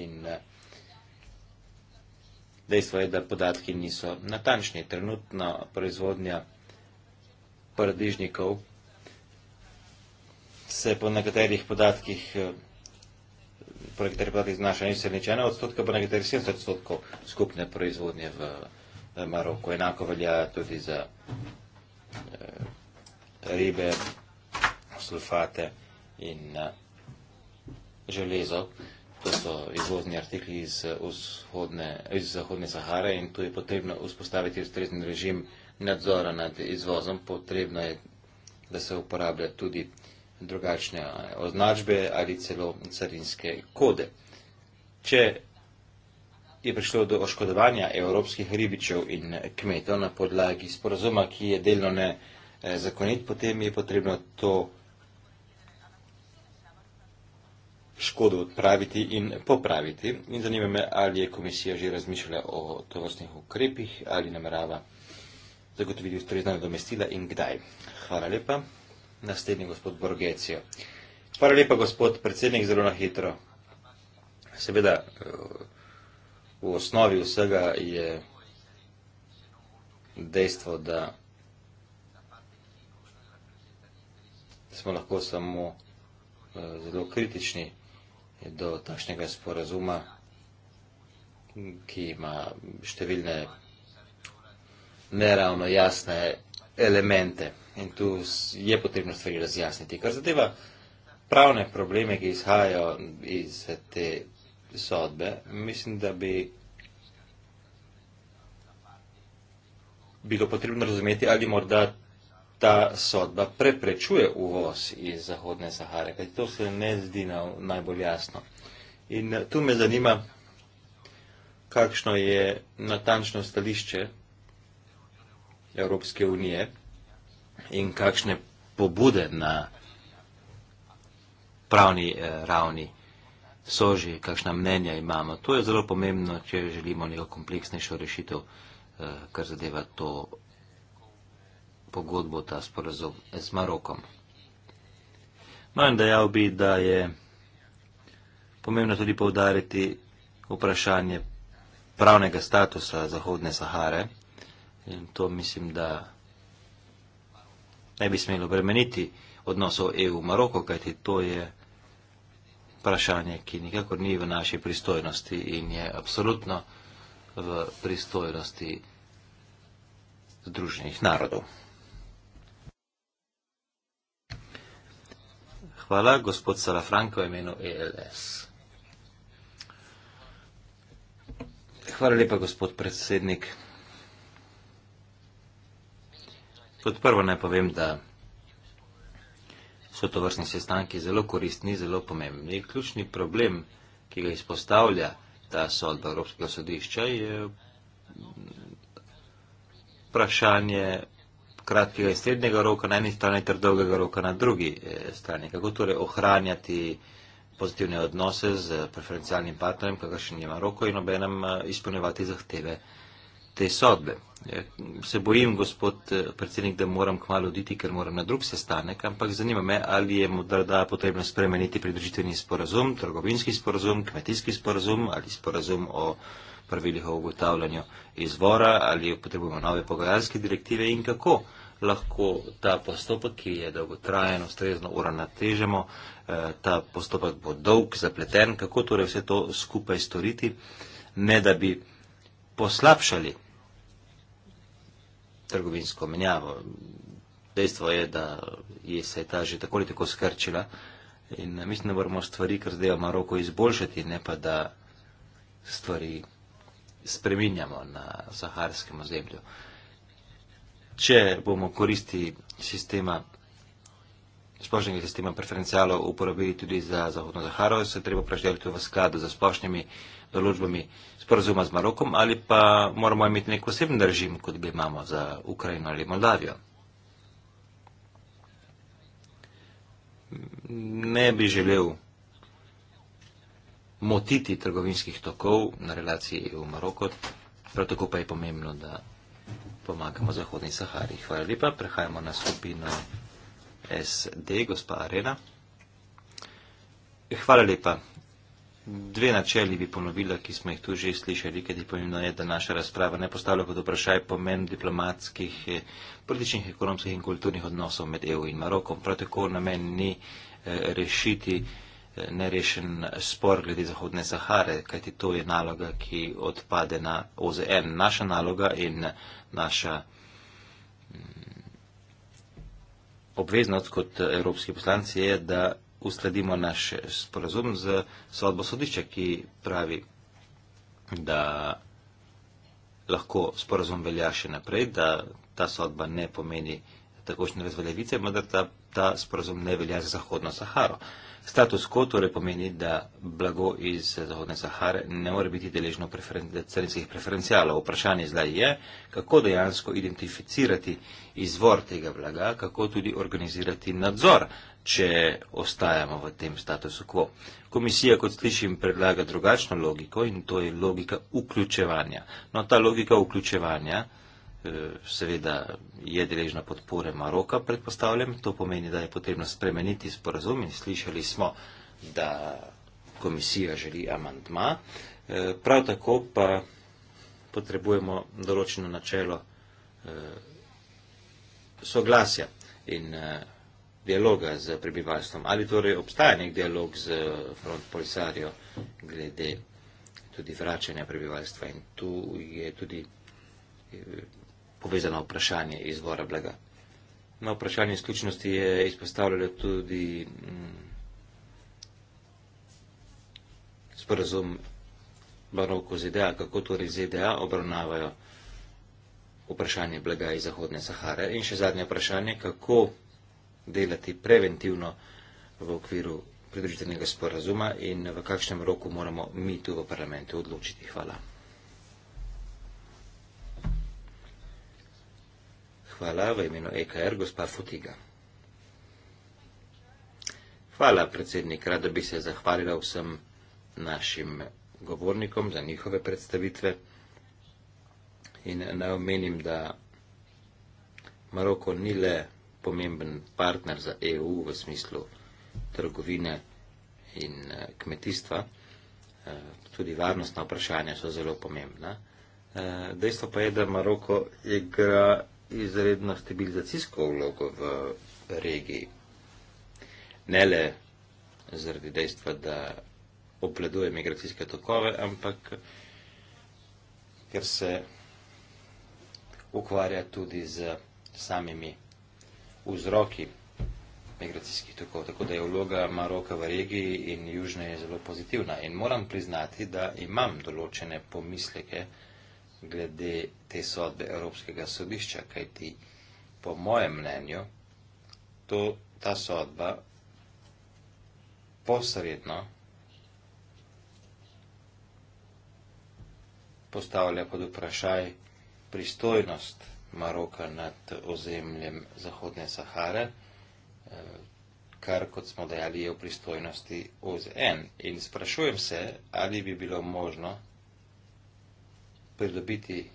in uh, Dejstvo je, da podatki niso natančni. Trenutna proizvodnja paradižnikov se po nekaterih podatkih, eh, po nekaterih podatkih znaša nič srednič ena odstotka, po nekaterih 70 odstotkov skupne proizvodnje v eh, Maroku. Enako velja tudi za eh, ribe, sulfate in železo to so izvozni artikli iz, eh, vzhodne, iz Zahodne Sahare in tu je potrebno vzpostaviti ustrezen režim nadzora nad izvozom. Potrebno je, da se uporablja tudi drugačne eh, označbe ali celo carinske kode. Če je prišlo do oškodovanja evropskih ribičev in eh, kmetov na podlagi sporazuma, ki je delno nezakonit, potem je potrebno to škodo odpraviti in popraviti. In zanima me, ali je komisija že razmišljala o tovrstnih ukrepih, ali namerava zagotoviti ustrezna domestila in kdaj. Hvala lepa. Naslednji gospod Borgecijo. Hvala lepa, gospod predsednik, zelo na hitro. Seveda, v osnovi vsega je dejstvo, da smo lahko samo eh, zelo kritični je do takšnega sporazuma, ki ima številne neravno jasne elemente. In tu je potrebno stvari razjasniti. Kar zadeva pravne probleme, ki izhajajo iz te sodbe, mislim, da bi bilo potrebno razumeti, ali morda ta sodba preprečuje uvoz iz Zahodne Sahare, kaj to se ne zdi na, najbolj jasno. In eh, tu me zanima, kakšno je natančno stališče Evropske unije in kakšne pobude na pravni eh, ravni so že, kakšna mnenja imamo. To je zelo pomembno, če želimo neko kompleksnejšo rešitev, eh, kar zadeva to pogodbo, ta sporazum z Marokom. Manj no, dejal bi, da je pomembno tudi povdariti vprašanje pravnega statusa Zahodne Sahare in to mislim, da ne bi smelo bremeniti odnosov EU v Maroko, kajti to je vprašanje, ki nikakor ni v naši pristojnosti in je absolutno v pristojnosti Združenih narodov. Hvala, gospod Sarafranko, v imenu ELS. Hvala lepa, gospod predsednik. Kot prvo naj povem, da so to vrstni sestanki zelo koristni, zelo pomembni. Ključni problem, ki ga izpostavlja ta sodba Evropskega sodišča, je vprašanje kratkega in srednjega roka na eni strani ter dolgega roka na drugi eh, strani. Kako torej ohranjati pozitivne odnose z preferencialnim partnerjem, kakršen je Maroko in obenem eh, izpolnjevati zahteve te sodbe. Eh, se bojim, gospod predsednik, da moram kmalo oditi, ker moram na drug sestanek, ampak zanima me, ali je morda potrebno spremeniti pridružitveni sporazum, trgovinski sporazum, kmetijski sporazum ali sporazum o pravilih o ugotavljanju izvora, ali potrebujemo nove pogajalske direktive in kako lahko ta postopek, ki je dolgotrajen, ustrezno uravnotežemo, eh, ta postopek bo dolg, zapleten, kako torej vse to skupaj storiti, ne da bi poslabšali trgovinsko menjavo. Dejstvo je, da je se ta že tako ali tako skrčila in mislim, da moramo stvari, kar zdaj v Maroku, izboljšati, ne pa da stvari spreminjamo na saharskem ozemlju. Če bomo koristi sistema, splošnega sistema preferencialov uporabili tudi za Zahodno Zaharo, se treba vprašati v skladu za splošnimi določbami sporozuma z Marokom ali pa moramo imeti nek poseben režim, kot bi imamo za Ukrajino ali Moldavijo. Ne bi želel motiti trgovinskih tokov na relaciji EU-Maroko, prav tako pa je pomembno, da pomagamo Zahodni Sahari. Hvala lepa, prehajamo na skupino SD, gospa Arena. Hvala lepa. Dve načeli bi ponovila, ki smo jih tu že slišali, ker je pomembno, da naša razprava ne postavlja pod vprašaj pomen diplomatskih, eh, političnih, ekonomskih in kulturnih odnosov med EU in Marokom. Prav tako namen ni eh, rešiti nerešen spor glede Zahodne Sahare, kajti to je naloga, ki odpade na OZN. Naša naloga in naša mm, obveznost kot evropski poslanci je, da uskladimo naš sporazum z sodbo sodišča, ki pravi, da lahko sporazum velja še naprej, da ta sodba ne pomeni takošne razveljavice, vendar ta, ta sporazum ne velja za Zahodno Saharo. Uh, Status quo torej pomeni, da blago iz Zahodne Sahare ne more biti deležno carinskih preferencijalov. Vprašanje zdaj je, kako dejansko identificirati izvor tega blaga, kako tudi organizirati nadzor, če ostajamo v tem statusu quo. Komisija, kot slišim, predlaga drugačno logiko in to je logika vključevanja. No, ta logika vključevanja seveda je deležna podpore Maroka, predpostavljam. To pomeni, da je potrebno spremeniti sporazum in slišali smo, da komisija želi amandma. E, prav tako pa potrebujemo določeno načelo e, soglasja in e, dialoga z prebivalstvom. Ali torej obstaja nek dialog z front polisarjo glede tudi vračanja prebivalstva in tu je tudi povezano vprašanje izvora blaga. Na vprašanje izključnosti je izpostavljalo tudi mm, sporazum Baroko ZDA, kako torej ZDA obravnavajo vprašanje blaga iz Zahodne Sahare in še zadnje vprašanje, kako delati preventivno v okviru pridružitevnega sporazuma in v kakšnem roku moramo mi tu v parlamentu odločiti. Hvala. Hvala v imenu EKR, gospa Futiga. Hvala, predsednik. Rada bi se zahvalila vsem našim govornikom za njihove predstavitve. In naomenim, da Maroko ni le pomemben partner za EU v smislu trgovine in eh, kmetijstva, eh, tudi varnostna vprašanja so zelo pomembna. Eh, dejstvo pa je, da Maroko igra izredno stabilizacijsko vlogo v regiji. Ne le zaradi dejstva, da obvladuje migracijske tokove, ampak ker se ukvarja tudi z samimi vzroki migracijskih tokov. Tako da je vloga Maroka v regiji in južne je zelo pozitivna. In moram priznati, da imam določene pomisleke, glede te sodbe Evropskega sodišča, kajti po mojem mnenju to, ta sodba posredno postavlja pod vprašaj pristojnost Maroka nad ozemljem Zahodne Sahare, eh, kar, kot smo dejali, je v pristojnosti OZN. In sprašujem se, ali bi bilo možno pridobiti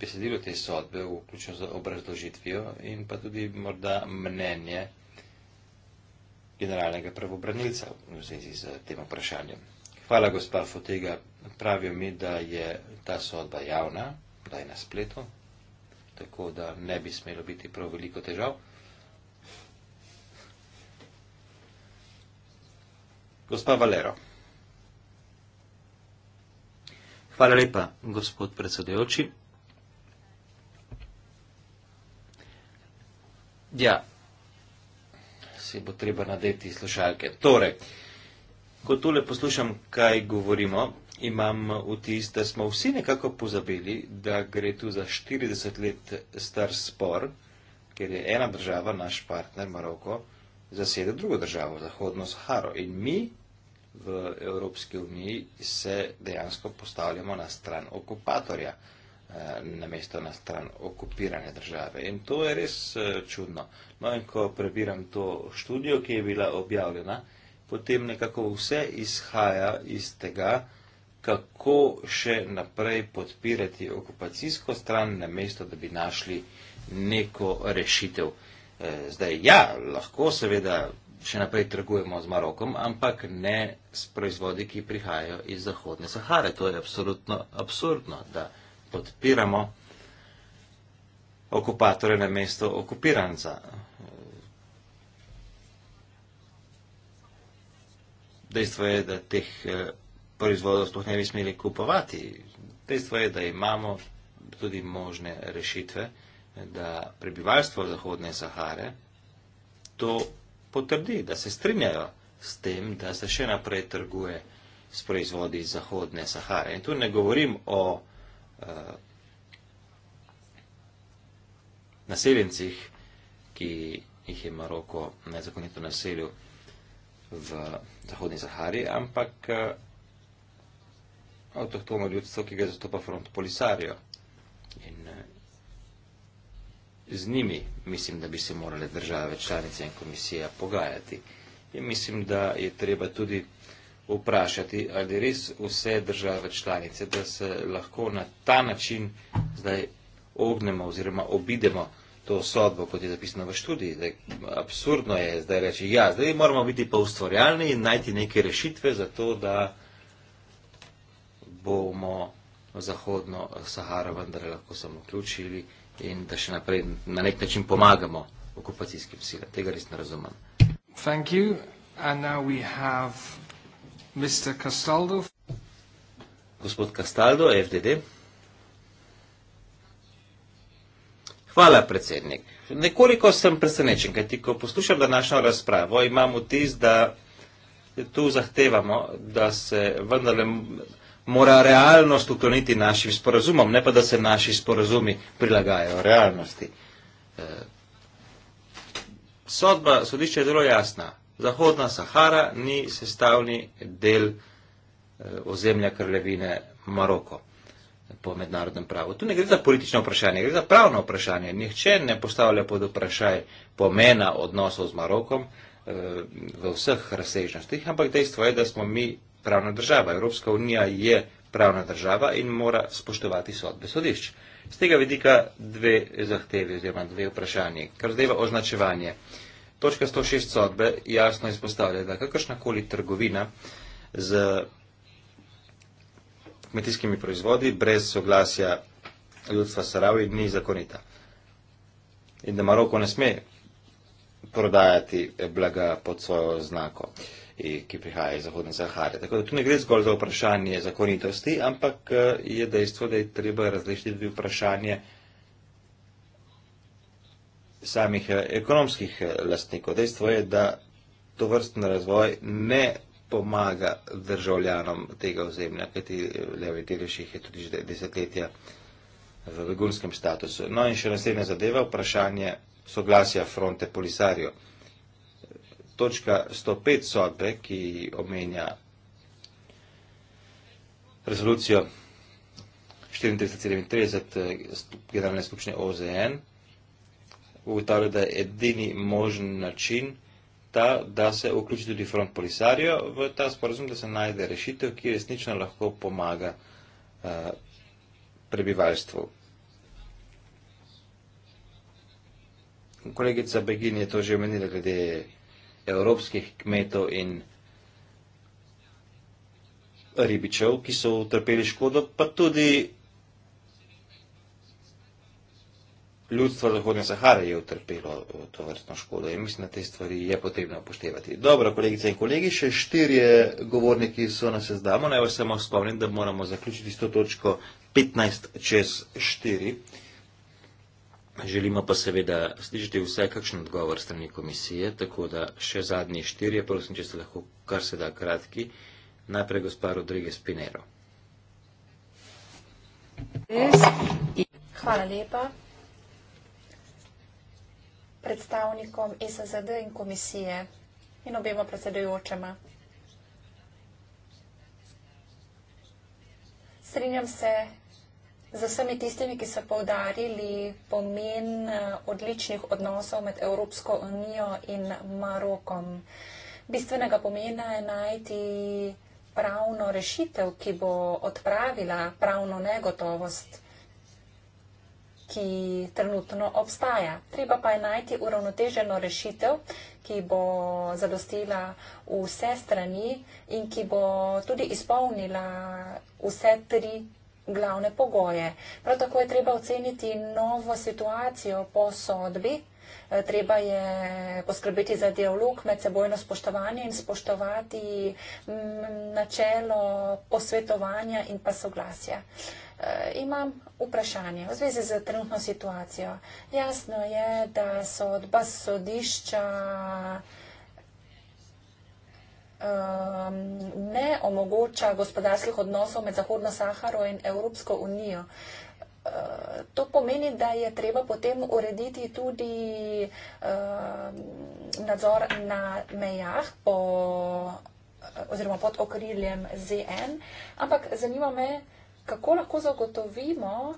besedilo te sodbe, vključno z obrazložitvijo in pa tudi morda mnenje generalnega pravobranilca v zvezi z tem vprašanjem. Hvala, gospa Fotega. Pravijo mi, da je ta sodba javna, da je na spletu, tako da ne bi smelo biti prav veliko težav. Gospa Valero. Hvala lepa, gospod predsedujoči. Ja, se bo treba nadeti slušalke. Torej, ko tule poslušam, kaj govorimo, imam vtis, da smo vsi nekako pozabili, da gre tu za 40 let star spor, ker je ena država, naš partner Maroko, zasede drugo državo, Zahodno Saharo. In mi, v Evropski uniji se dejansko postavljamo na stran okupatorja, eh, namesto na stran okupirane države. In to je res eh, čudno. No in ko prebiram to študijo, ki je bila objavljena, potem nekako vse izhaja iz tega, kako še naprej podpirati okupacijsko stran, namesto da bi našli neko rešitev. Eh, zdaj, ja, lahko seveda še naprej trgujemo z Marokom, ampak ne s proizvodi, ki prihajajo iz Zahodne Sahare. To je absolutno absurdno, da podpiramo okupatore na mesto okupiranca. Dejstvo je, da teh eh, proizvodov sploh ne bi smeli kupovati. Dejstvo je, da imamo tudi možne rešitve, da prebivalstvo Zahodne Sahare to potrdi, da se strinjajo s tem, da se še naprej trguje s proizvodi iz Zahodne Sahare. In tu ne govorim o uh, naseljencih, ki jih je Maroko nezakonito naselil v Zahodni Sahari, ampak uh, avtohtono ljudstvo, ki ga zastopa front Polisario. In, uh, z njimi mislim, da bi se morale države članice in komisija pogajati. In mislim, da je treba tudi vprašati, ali res vse države članice, da se lahko na ta način zdaj ognemo oziroma obidemo to sodbo, kot je zapisano v študiji. Zdaj, absurdno je zdaj reči, ja, zdaj moramo biti pa ustvarjalni in najti neke rešitve za to, da bomo v zahodno Sahara vendar lahko samo vključili in da še naprej na nek način pomagamo okupacijskim silam. Tega res ne razumem. Thank you. And now we have Mr. Castaldo. Gospod Castaldo, FDD. Hvala, predsednik. Nekoliko sem presenečen, kajti ko poslušam današnjo razpravo, imam vtis, da tu zahtevamo, da se vendarle mora realnost ukloniti našim sporazumom, ne pa da se naši sporazumi prilagajajo realnosti. Eh, sodba sodišča je zelo jasna. Zahodna Sahara ni sestavni del eh, ozemlja krlevine Maroko po mednarodnem pravu. Tu ne gre za politično vprašanje, gre za pravno vprašanje. Nihče ne postavlja pod vprašaj pomena odnosov z Marokom eh, v vseh razsežnostih, ampak dejstvo je, da smo mi pravna država. Evropska unija je pravna država in mora spoštovati sodbe sodišč. Z tega vidika dve zahteve oziroma dve vprašanje. Kar zdajva označevanje. Točka 106 sodbe jasno izpostavlja, da kakršnakoli trgovina z kmetijskimi proizvodi brez soglasja ljudstva Saravi ni zakonita. In da Maroko ne sme prodajati blaga pod svojo znako. Uh, Eh, ki prihaja iz Zahodne Sahare. Tako da tu ne gre zgolj za vprašanje zakonitosti, ampak eh, je dejstvo, da je treba različiti tudi vprašanje samih eh, ekonomskih lastnikov. Dejstvo je, da to vrstni razvoj ne pomaga državljanom tega ozemlja, kajti levi deliših je tudi že desetletja v begunskem statusu. No in še naslednja zadeva, vprašanje soglasja fronte polisarijo točka 105 sodbe, ki omenja rezolucijo 34.37 Generalne skupšne OZN, ugotavlja, da je edini možen način ta, da se vključi tudi front polisarijo v ta sporozum, da se najde rešitev, ki resnično lahko pomaga uh, prebivalstvu. Kolegica Begin je to že omenila glede evropskih kmetov in ribičev, ki so utrpeli škodo, pa tudi ljudstvo Zahodne Sahare je utrpelo to vrstno škodo in mislim, da te stvari je potrebno upoštevati. Dobro, kolegice in kolegi, še štirje govorniki so na seznamu, naj vas samo spomnim, da moramo zaključiti s to točko 15 čez 4. Želimo pa seveda slišati vsaj kakšen odgovor strani komisije, tako da še zadnji štirje, prosim, če ste lahko kar se da kratki. Najprej gospa Rodrige Spinero. Hvala lepa. Predstavnikom SZD in komisije in obema predsedujočema. Strinjam se Z vsemi tistimi, ki so povdarili pomen eh, odličnih odnosov med Evropsko unijo in Marokom. Bistvenega pomena je najti pravno rešitev, ki bo odpravila pravno negotovost, ki trenutno obstaja. Treba pa je najti uravnoteženo rešitev, ki bo zadostila vse strani in ki bo tudi izpolnila vse tri glavne pogoje. Prav tako je treba oceniti novo situacijo po sodbi. E, treba je poskrbeti za dialog med sebojno spoštovanje in spoštovati načelo posvetovanja in pa soglasja. E, imam vprašanje v zvezi z trenutno situacijo. Jasno je, da sodba sodišča um, ne omogoča gospodarskih odnosov med Zahodno Saharo in Evropsko unijo. Uh, to pomeni, da je treba potem urediti tudi uh, nadzor na mejah po, oziroma pod okriljem ZN. Ampak zanima me, kako lahko zagotovimo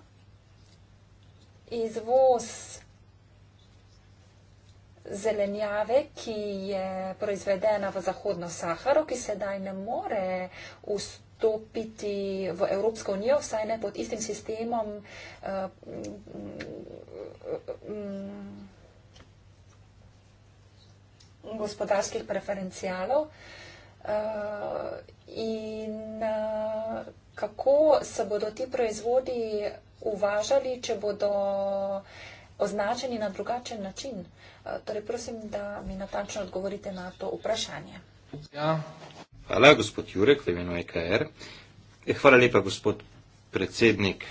izvoz zelenjave, ki je proizvedena v Zahodno Saharo, ki sedaj ne more vstopiti v Evropsko unijo, vsaj ne pod istim sistemom. Eh, mm, mm, gospodarskih preferencijalov eh, in eh, kako se bodo ti proizvodi uvažali, če bodo označeni na drugačen način. Eh, torej, prosim, da mi natančno odgovorite na to vprašanje. Ja. Hvala, gospod Jurek, v imenu EKR. Eh, hvala lepa, gospod predsednik.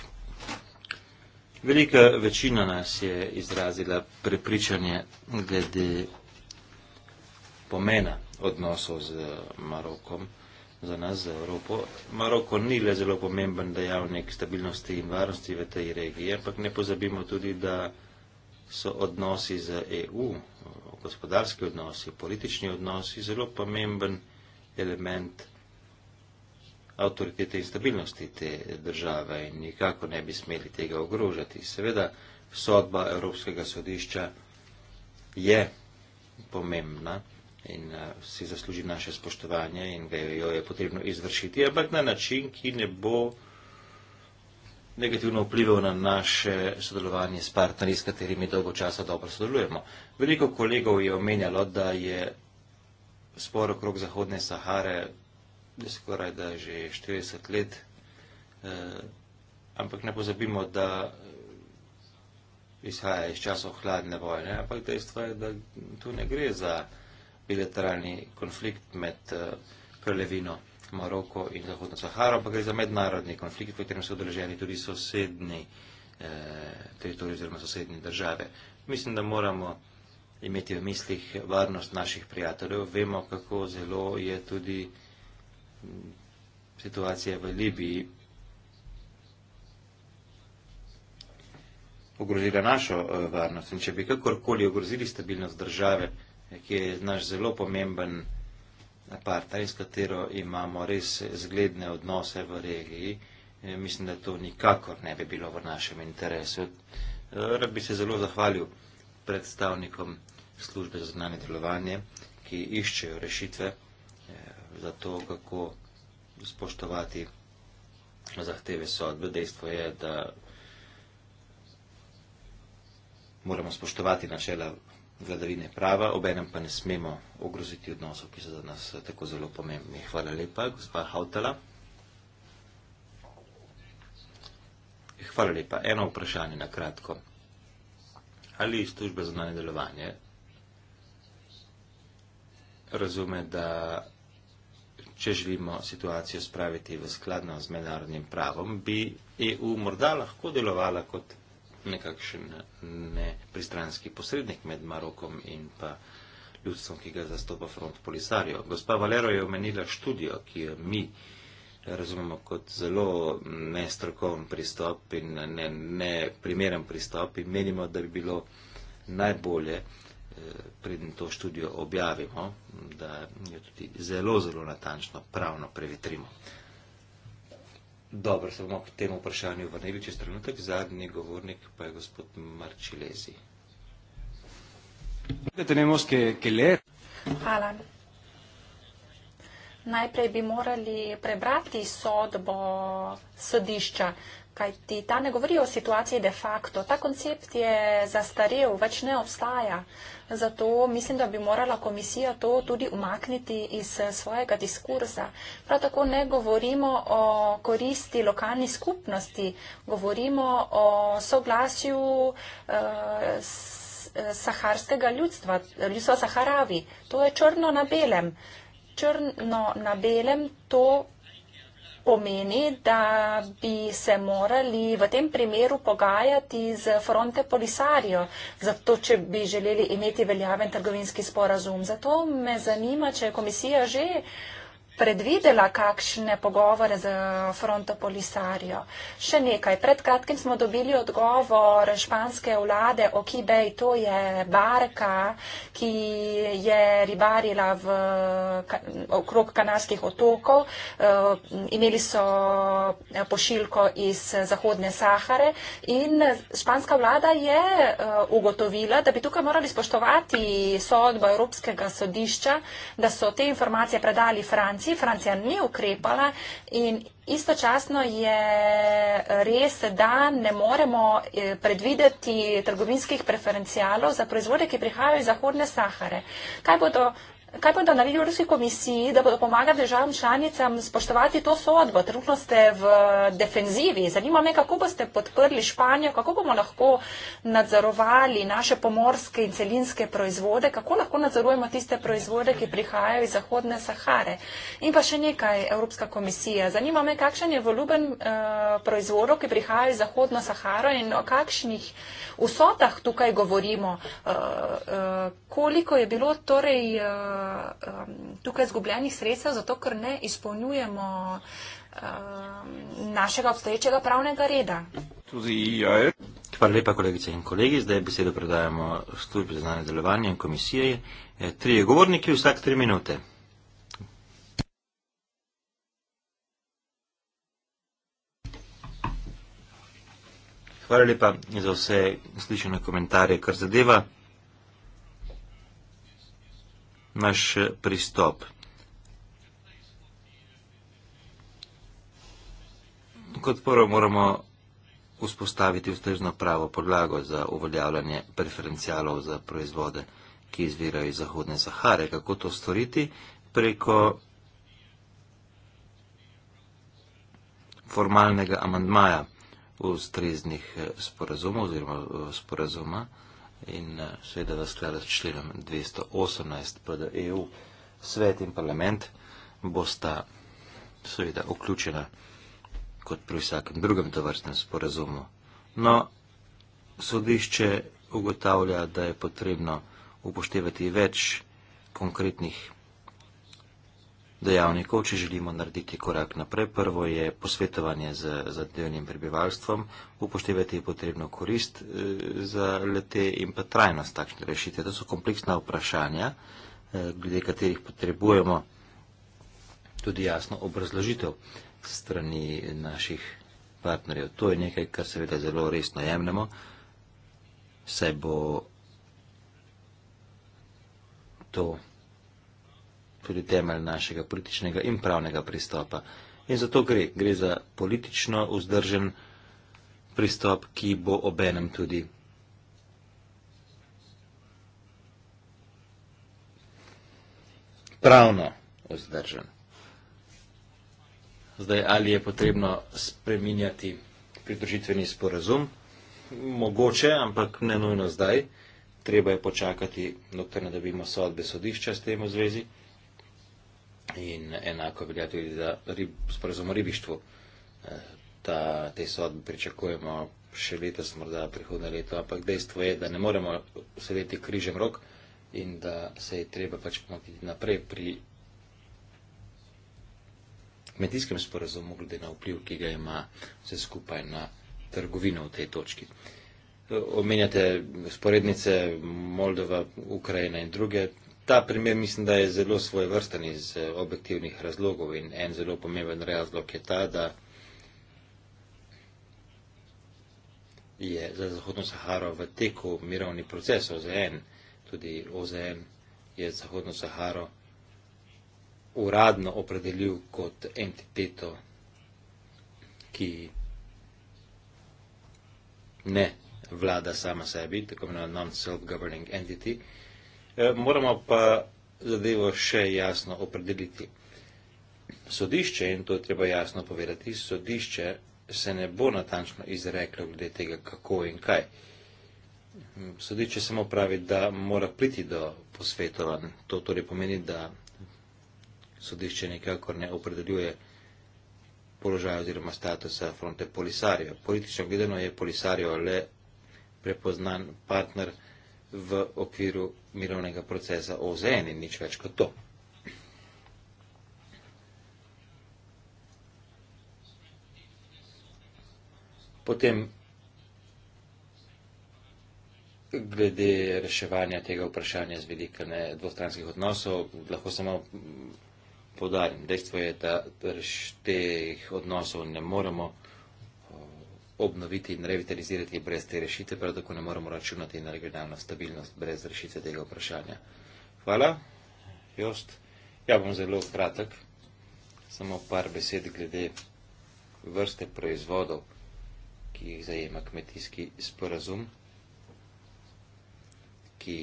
Velika večina nas je izrazila prepričanje glede pomena odnosov z Marokom za nas, za Evropo. Maroko ni le zelo pomemben dejavnik stabilnosti in varnosti v tej regiji, ampak ne pozabimo tudi, da so odnosi z EU, gospodarski odnosi, politični odnosi zelo pomemben element avtoritete in stabilnosti te države in nikako ne bi smeli tega ogrožati. Seveda, sodba Evropskega sodišča je pomembna in eh, si zasluži naše spoštovanje in ga jo je potrebno izvršiti, ampak na način, ki ne bo negativno vplival na naše sodelovanje s partnerji, s katerimi dolgo časa dobro sodelujemo. Veliko kolegov je omenjalo, da je spor okrog Zahodne Sahare da skoraj da že 40 let, e, ampak ne pozabimo, da izhaja iz časov hladne vojne, ampak dejstvo je, da tu ne gre za bilateralni konflikt med eh, kraljevino Maroko in Zahodno Saharo, ampak gre za mednarodni konflikt, v katerem so odreženi tudi sosednji eh, teritoriji oziroma sosednje države. Mislim, da moramo imeti v mislih varnost naših prijateljev. Vemo, kako zelo je tudi mm, situacija v Libiji ogrozila našo eh, varnost. In če bi kakorkoli ogrozili stabilnost države, eh, ki je naš zelo pomemben partner, s katero imamo res zgledne odnose v regiji, eh, mislim, da to nikakor ne bi bilo v našem interesu. Eh, rad bi se zelo zahvalil predstavnikom službe za znanje delovanje, ki iščejo rešitve eh, za to, kako spoštovati zahteve sodbe. Dejstvo je, da moramo spoštovati načela vladavine prava, obenem pa ne smemo ogroziti odnosov, ki so za nas eh, tako zelo pomembni. Hvala lepa, gospa Hautala. Hvala lepa. Eno vprašanje na kratko. Ali služba za nadelovanje razume, da če želimo situacijo spraviti v skladno z mednarodnim pravom, bi EU morda lahko delovala kot nekakšen nepristranski posrednik med Marokom in pa ljudstvom, ki ga zastopa front Polisario. Gospa Valero je omenila študijo, ki jo mi razumemo kot zelo nestrokoven pristop in ne, ne primeren pristop in menimo, da bi bilo najbolje, eh, preden to študijo objavimo, da jo tudi zelo, zelo natančno pravno prevetrimo. Dobro, se bomo k temu vprašanju vrnili čez trenutek. Zadnji govornik pa je gospod Marčilezi. Hvala. Najprej bi morali prebrati sodbo sodišča kaj ti ta ne govori o situaciji de facto. Ta koncept je zastarel, več ne obstaja. Zato mislim, da bi morala komisija to tudi umakniti iz eh, svojega diskurza. Prav tako ne govorimo o koristi lokalni skupnosti, govorimo o soglasju eh, eh saharskega ljudstva, ljudstva Saharavi. To je črno na belem. Črno na belem to pomeni, da bi se morali v tem primeru pogajati z fronte polisarijo, zato če bi želeli imeti veljaven trgovinski sporazum. Zato me zanima, če je komisija že predvidela kakšne pogovore z fronto polisarijo. Še nekaj. Pred kratkim smo dobili odgovor španske vlade o Kibej. To je barka, ki je ribarila v, okrog kanarskih otokov. Eh, imeli so eh, pošiljko iz eh, Zahodne Sahare in španska vlada je ugotovila, da bi tukaj morali spoštovati sodbo Evropskega sodišča, da so te informacije predali Franciji. Franciji. Francija ni ukrepala in istočasno je res, da ne moremo eh, predvideti trgovinskih preferencijalov za proizvode, ki prihajajo iz Zahodne Sahare. Kaj bodo Kaj pa, da naredi v Evropski komisiji, da pomaga državam članicam spoštovati to sodbo? Trenutno ste v defenzivi. Zanima me, kako boste podprli Španijo, kako bomo lahko nadzorovali naše pomorske in celinske proizvode, kako lahko nadzorujemo tiste proizvode, ki prihajajo iz Zahodne Sahare. In pa še nekaj, Evropska komisija. Zanima me, kakšen je voluben uh, eh, proizvodov, ki prihajajo iz Zahodne Sahare in o kakšnih vsotah tukaj govorimo. Uh, uh, koliko je bilo torej. Uh, um, tukaj zgubljenih sredstev, zato ker ne izpolnjujemo um, našega obstoječega pravnega reda. Hvala lepa, kolegice in kolegi. Zdaj besedo predajamo službi za znanje delovanje in komisije. E, tri je govorniki, vsak tri minute. Hvala lepa za vse slišene komentarje, kar zadeva naš eh, pristop. Kot prvo moramo vzpostaviti ustrezno pravo podlago za uveljavljanje preferencialov za proizvode, ki izvirajo iz Zahodne Sahare. Kako to storiti? Preko formalnega amandmaja ustreznih eh, sporazumov oziroma eh, sporazuma in eh, seveda v skladu s členom 218 PDEU svet in parlament bosta seveda vključena kot pri vsakem drugem tovrstnem sporazumu. No, sodišče ugotavlja, da je potrebno upoštevati več konkretnih dejavnikov, če želimo narediti korak naprej. Prvo je posvetovanje z zadevnim prebivalstvom, upoštevati je potrebno korist eh, za lete in pa trajnost takšne rešitve. To so kompleksna vprašanja, eh, glede katerih potrebujemo tudi jasno obrazložitev strani naših partnerjev. To je nekaj, kar seveda zelo resno jemnemo, saj bo to tudi temelj našega političnega in pravnega pristopa. In zato gre, gre za politično vzdržen pristop, ki bo obenem tudi pravno vzdržen. Zdaj, ali je potrebno spreminjati pridružitveni sporazum? Mogoče, ampak ne nujno zdaj. Treba je počakati, dokler ne dobimo sodbe sodišča s tem v zvezi. In enako velja tudi za rib, sporozum o ribištvu. Eh, ta, te sodbe pričakujemo še letos, morda prihodne leto, ampak dejstvo je, da ne moremo sedeti križem rok in da se je treba pač pomakniti naprej pri kmetijskem sporazumu, glede na vpliv, ki ga ima vse skupaj na trgovino v tej točki. Eh, omenjate sporednice Moldova, Ukrajina in druge, Ta primer mislim, da je zelo svojevrsten iz eh, objektivnih razlogov in en zelo pomemben razlog je ta, da je za Zahodno Saharo v teku mirovni proces OZN, tudi OZN je Zahodno Saharo uradno opredelil kot entiteto, ki ne vlada sama sebi, tako imenovano non-self-governing entity, Eh, moramo pa zadevo še jasno opredeliti. Sodišče, in to je treba jasno povedati, sodišče se ne bo natančno izreklo glede tega, kako in kaj. Sodišče samo pravi, da mora priti do posvetovanj. To torej pomeni, da sodišče nikakor ne opredeljuje položaja oziroma statusa fronte polisarijo. Politično gledano je polisarijo le prepoznan partner v okviru mirovnega procesa OZN in nič več kot to. Potem glede reševanja tega vprašanja z vidika dvostranskih odnosov, lahko samo podarim. Dejstvo je, da teh odnosov ne moremo obnoviti in revitalizirati brez te rešitve, prav tako ne moremo računati na regionalno stabilnost brez rešitve tega vprašanja. Hvala, Jost. Ja bom zelo kratek, samo par besed glede vrste proizvodov, ki jih zajema kmetijski sporazum, ki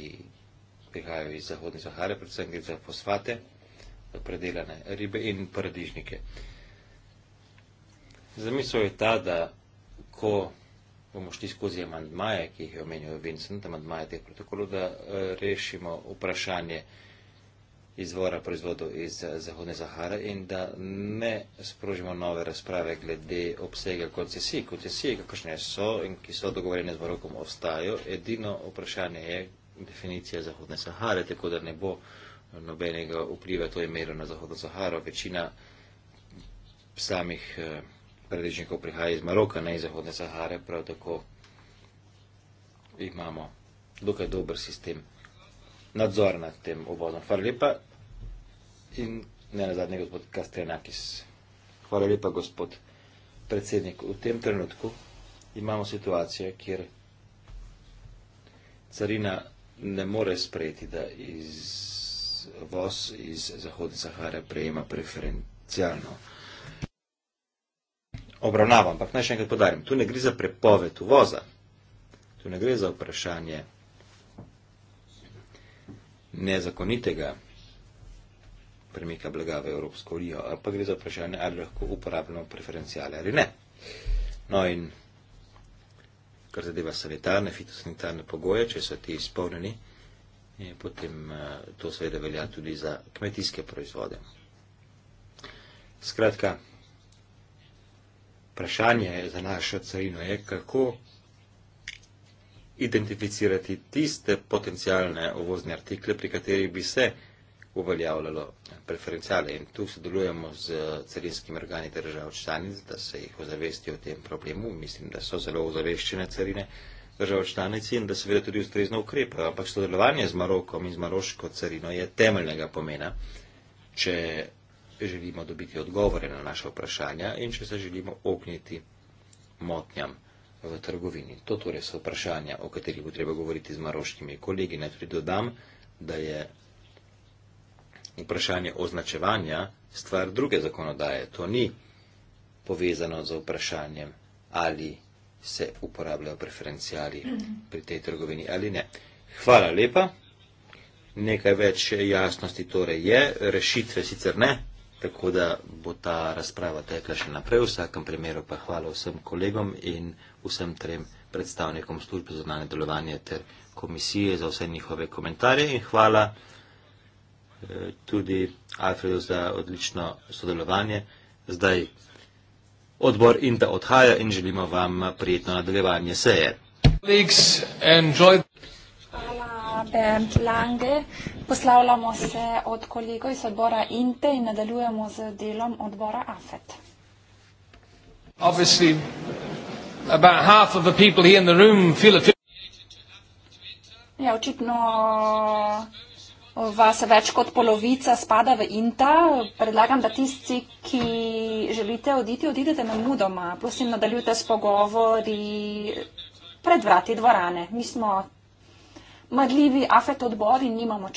prihajajo iz Zahodne Zahare, predvsem gre za fosfate, predelane ribe in paradižnike. Zamisel je ta, da ko bomo šli skozi amandmaje, ki jih je omenil Vincent, amandmaje teh protokolov, da eh, rešimo vprašanje izvora proizvodov iz eh, Zahodne Zahare in da ne sprožimo nove razprave glede obsega koncesij. Koncesije, kakršne so in ki so dogovorjene z Marokom, ostajo. Edino vprašanje je definicija Zahodne Sahare, tako da ne bo eh, nobenega vpliva to imelo na Zahodno Saharo. Večina samih eh, prerežnikov prihaja iz Maroka, ne iz Zahodne Sahare, prav tako imamo dokaj dober sistem nadzor nad tem obvozom. Hvala lepa in ne na zadnje gospod Kastrenakis. Hvala lepa gospod predsednik. V tem trenutku imamo situacijo, kjer carina ne more sprejeti, da iz voz iz Zahodne Sahare prejema preferencialno obravnavam, ampak naj še enkrat podarim, tu ne gre za prepoved uvoza, tu ne gre za vprašanje nezakonitega premika blaga v Evropsko unijo, ampak gre za vprašanje, ali lahko uporabljamo preferencijale ali ne. No in kar zadeva sanitarne, fitosanitarne pogoje, če so ti izpolnjeni, potem eh, to seveda velja tudi za kmetijske proizvode. Skratka, vprašanje za našo carino je, kako identificirati tiste potencijalne uvozne artikle, pri katerih bi se uveljavljalo preferencijale. In tu sodelujemo z carinskimi organi držav članic, da se jih ozavesti o tem problemu. Mislim, da so zelo ozaveščene carine držav članic in da seveda tudi ustrezno ukrepajo. Ampak sodelovanje z Marokom in z Maroško carino je temeljnega pomena, če želimo dobiti odgovore na naše vprašanja in če se želimo ogniti motnjam v trgovini. To torej so vprašanja, o katerih bo treba govoriti z maroškimi kolegi. Najprej dodam, da je vprašanje označevanja stvar druge zakonodaje. To ni povezano z vprašanjem, ali se uporabljajo preferencijali pri tej trgovini ali ne. Hvala lepa. Nekaj več jasnosti torej je, rešitve sicer ne tako da bo ta razprava tekla še naprej. V vsakem primeru pa hvala vsem kolegom in vsem trem predstavnikom službe za zunanje delovanje ter komisije za vse njihove komentarje in hvala eh, tudi Alfredu za odlično sodelovanje. Zdaj odbor in ta odhaja in želimo vam prijetno nadaljevanje seje. Lape Lange. Poslavljamo se od kolegov iz odbora INTE in nadaljujemo z delom odbora AFET. Obviously, about half of the people here in the room feel affiliated. Ja, očitno vas več kot polovica spada v INTA. Predlagam, da tisti, ki želite oditi, odidete na mudoma. Prosim, nadaljujte s pogovori pred vrati dvorane. Mi smo marljivi afet odbori, nimamo časa.